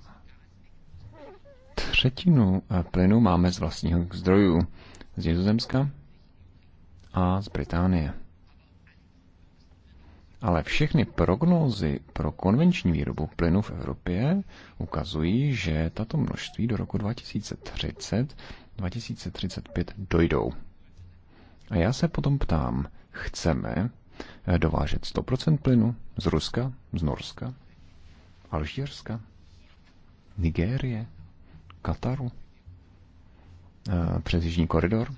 třetinu e, plynu máme z vlastních zdrojů z Nizozemska a z Británie. Ale všechny prognózy pro konvenční výrobu plynu v Evropě ukazují, že tato množství do roku 2030, 2035 dojdou. A já se potom ptám, chceme dovážet 100% plynu z Ruska, z Norska, Alžírska, Nigérie, Kataru, eh, přes Jižní koridor?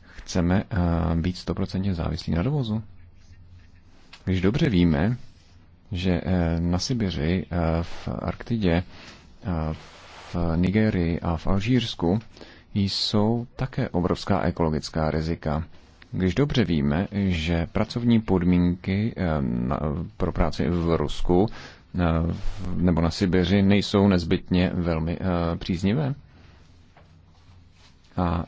Chceme eh, být 100% závislí na dovozu? Když dobře víme, že eh, na Sibiři, eh, v Arktidě, eh, v Nigerii a v Alžírsku jsou také obrovská ekologická rizika. Když dobře víme, že pracovní podmínky pro práci v Rusku nebo na Sibiři nejsou nezbytně velmi příznivé. A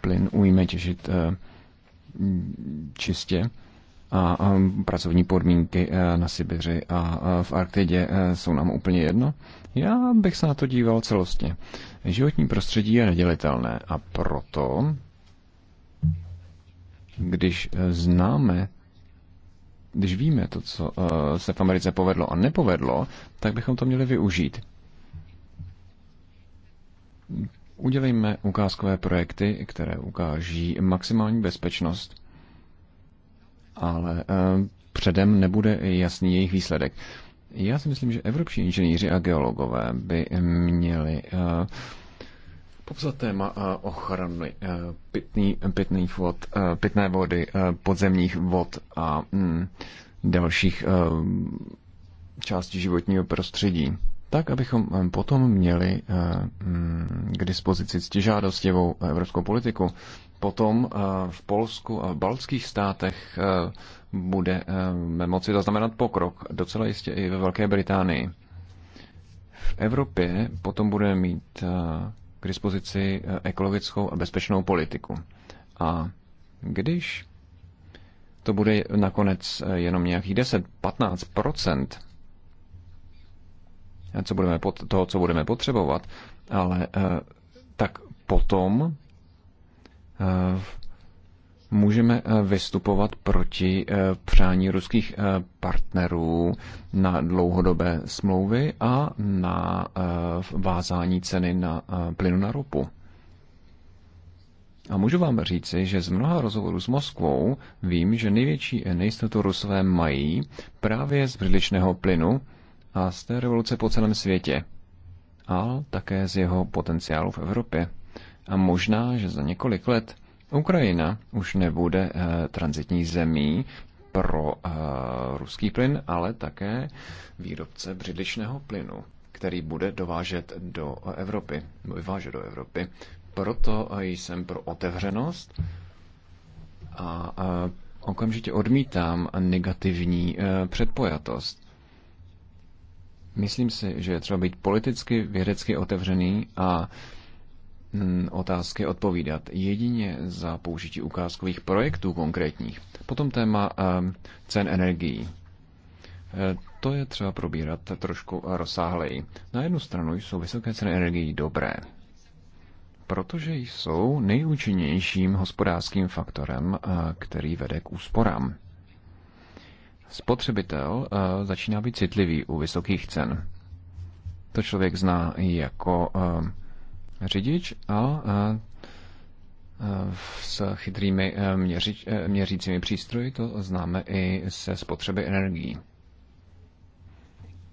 plyn ujme těžit čistě a, a pracovní podmínky e, na Sibiři a v Arktidě e, jsou nám úplně jedno? Já bych se na to díval celostně. Životní prostředí je nedělitelné a proto, když známe když víme to, co e, se v Americe povedlo a nepovedlo, tak bychom to měli využít. Udělejme ukázkové projekty, které ukáží maximální bezpečnost, ale eh, předem nebude jasný jejich výsledek. Já si myslím, že evropští inženýři a geologové by měli eh, popsat téma eh, ochrany pitný, pitný vod, pitné vody, podzemních vod a mm, dalších částí životního prostředí tak abychom eh, potom měli eh, mm, k dispozici ctižádostivou evropskou politiku. Potom eh, v Polsku a v baltských státech bude moci zaznamenat pokrok, docela jistě i ve Velké Británii. V Evropě potom budeme mít k dispozici ekologickou a bezpečnou politiku. A když to bude nakonec jenom nějakých 10-15 co budeme pot, toho, co budeme potřebovat, ale eh, tak potom eh, můžeme eh, vystupovat proti přání ruských partnerů na dlouhodobé smlouvy a na vázání ceny na plynu na ropu. A můžu vám říci, že z mnoha rozhovorů s Moskvou vím, že největší nejistotu rusové mají právě z břidličného plynu, a z té revoluce po celém světě, ale také z jeho potenciálu v Evropě. A možná, že za několik let Ukrajina už nebude e, transitní zemí pro e, ruský plyn, ale také výrobce břidličného plynu, který bude dovážet do eh, Evropy, vyvážet do Evropy. Proto jsem pro otevřenost a, a okamžitě odmítám negativní předpojatost. Myslím si, že je třeba být politicky, vědecky otevřený a mm, otázky odpovídat jedině za použití ukázkových projektů konkrétních. Potom téma ehm, cen energií. E, to je třeba probírat trošku rozsáhleji. Na jednu stranu jsou vysoké ceny energií dobré, protože jsou nejúčinnějším hospodářským faktorem, e, který vede k úsporám spotřebitel eh, začíná být citlivý u vysokých cen. To člověk zná i jako eh, řidič a eh, s chytrými měřič, měřícími přístroji to známe i se spotřeby energií.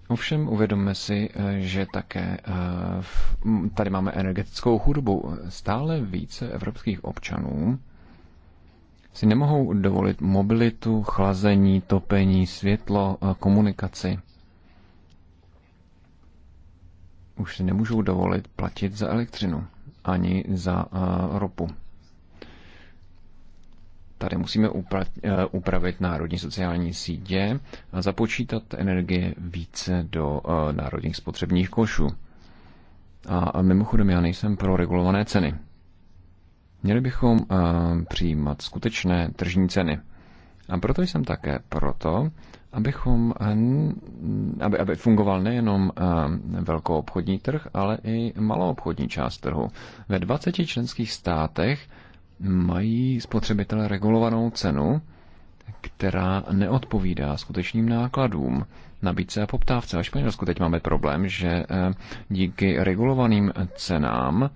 Ovšem uvědomme si, že také tady máme energetickou chudobu. Stále více evropských občanů si nemohou dovolit mobilitu, chlazení, topení, světlo, eh, komunikaci. Už si nemůžou dovolit platit za elektřinu ani za eh, ropu. Tady musíme eh, upravit národní sociální sítě a započítat energie více do národních spotřebních košů. A mimochodem, já nejsem pro regulované ceny. Měli bychom eh, přijímat skutečné tržní ceny. A proto jsem také proto, abychom, eh, aby, aby fungoval nejenom eh, velkou obchodní trh, ale i malou obchodní část trhu. Ve 20 členských státech mají spotřebitelé regulovanou cenu, která neodpovídá skutečným nákladům nabídce a poptávce. A Španělsku teď máme problém, že díky regulovaným cenám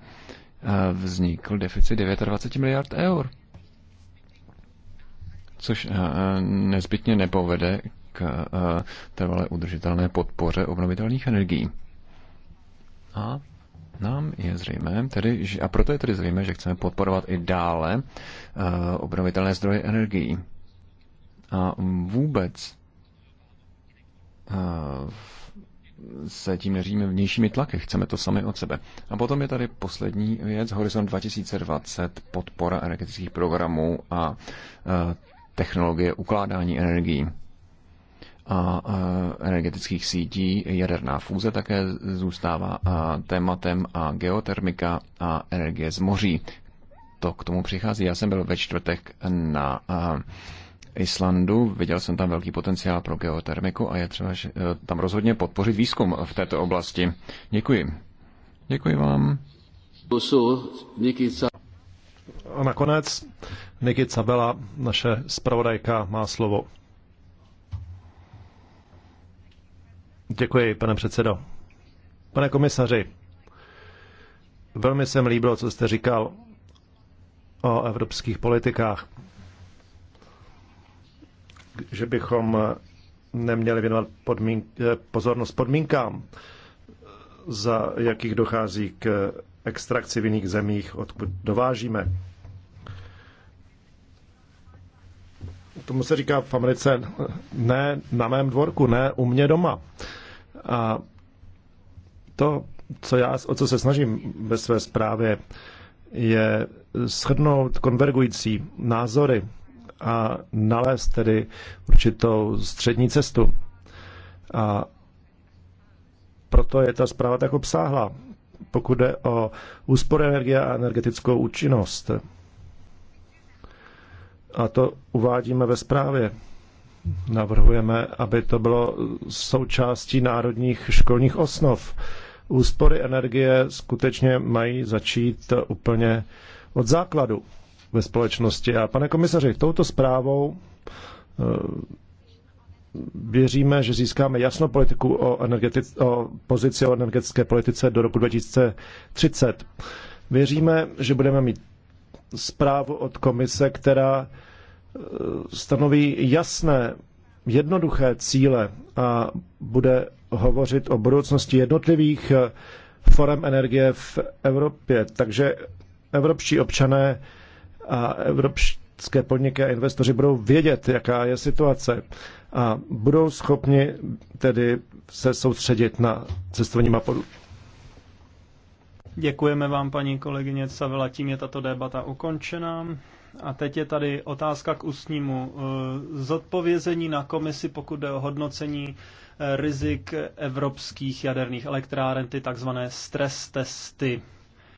Eh, vznikl deficit 29 miliard eur, což eh, eh, nezbytně nepovede k trvalé udržitelné podpoře obnovitelných energií. A nám je zřejmé, tedy, a proto je tedy zřejmé, že chceme podporovat i dále obnovitelné zdroje energií. A vůbec se tím neříme vnějšími tlaky, chceme to sami od sebe. A potom je tady poslední věc, Horizont 2020, podpora energetických programů a e, technologie ukládání energií a e, energetických sítí. Jaderná fúze také zůstává e, tématem a geotermika a energie z moří. To k tomu přichází. Já jsem byl ve čtvrtek na Islandu. Viděl jsem tam velký potenciál pro geotermiku a je třeba eh, tam rozhodně podpořit výzkum v této oblasti. Děkuji. Děkuji vám. A nakonec Nikit Cabela, naše zpravodajka, má slovo. Děkuji, pane předsedo. Pane komisaři, velmi se mi líbilo, co jste říkal o evropských politikách že bychom neměli věnovat podmínk, eh, pozornost podmínkám, za jakých dochází k extrakci v jiných zemích, odkud dovážíme. Tomu se říká v Americe ne na mém dvorku, ne u mě doma. A to, co já, o co se snažím ve své zprávě, je shrnout konvergující názory a nalézt tedy určitou střední cestu. A proto je ta zpráva tak obsáhla, pokud jde o úspor energie a energetickou účinnost. A to uvádíme ve zprávě. Navrhujeme, aby to bylo součástí národních školních osnov. Úspory energie skutečně mají začít úplně od základu ve společnosti. A pane komisaři, touto zprávou eh, věříme, že získáme jasnou politiku o, energetic, o pozici o energetické politice do roku 2030. Věříme, že budeme mít zprávu od komise, která eh, stanoví jasné, jednoduché cíle a bude hovořit o budoucnosti jednotlivých eh, forem energie v Evropě. Takže evropští občané a evropské podniky a investoři budou vědět, jaká je situace a budou schopni tedy se soustředit na cestovní mapu. Děkujeme vám, paní kolegyně Cavela, tím je tato debata ukončena. A teď je tady otázka k ústnímu eh, zodpovězení na komisi, pokud jde o hodnocení eh, rizik evropských jaderných elektráren, ty takzvané stres testy.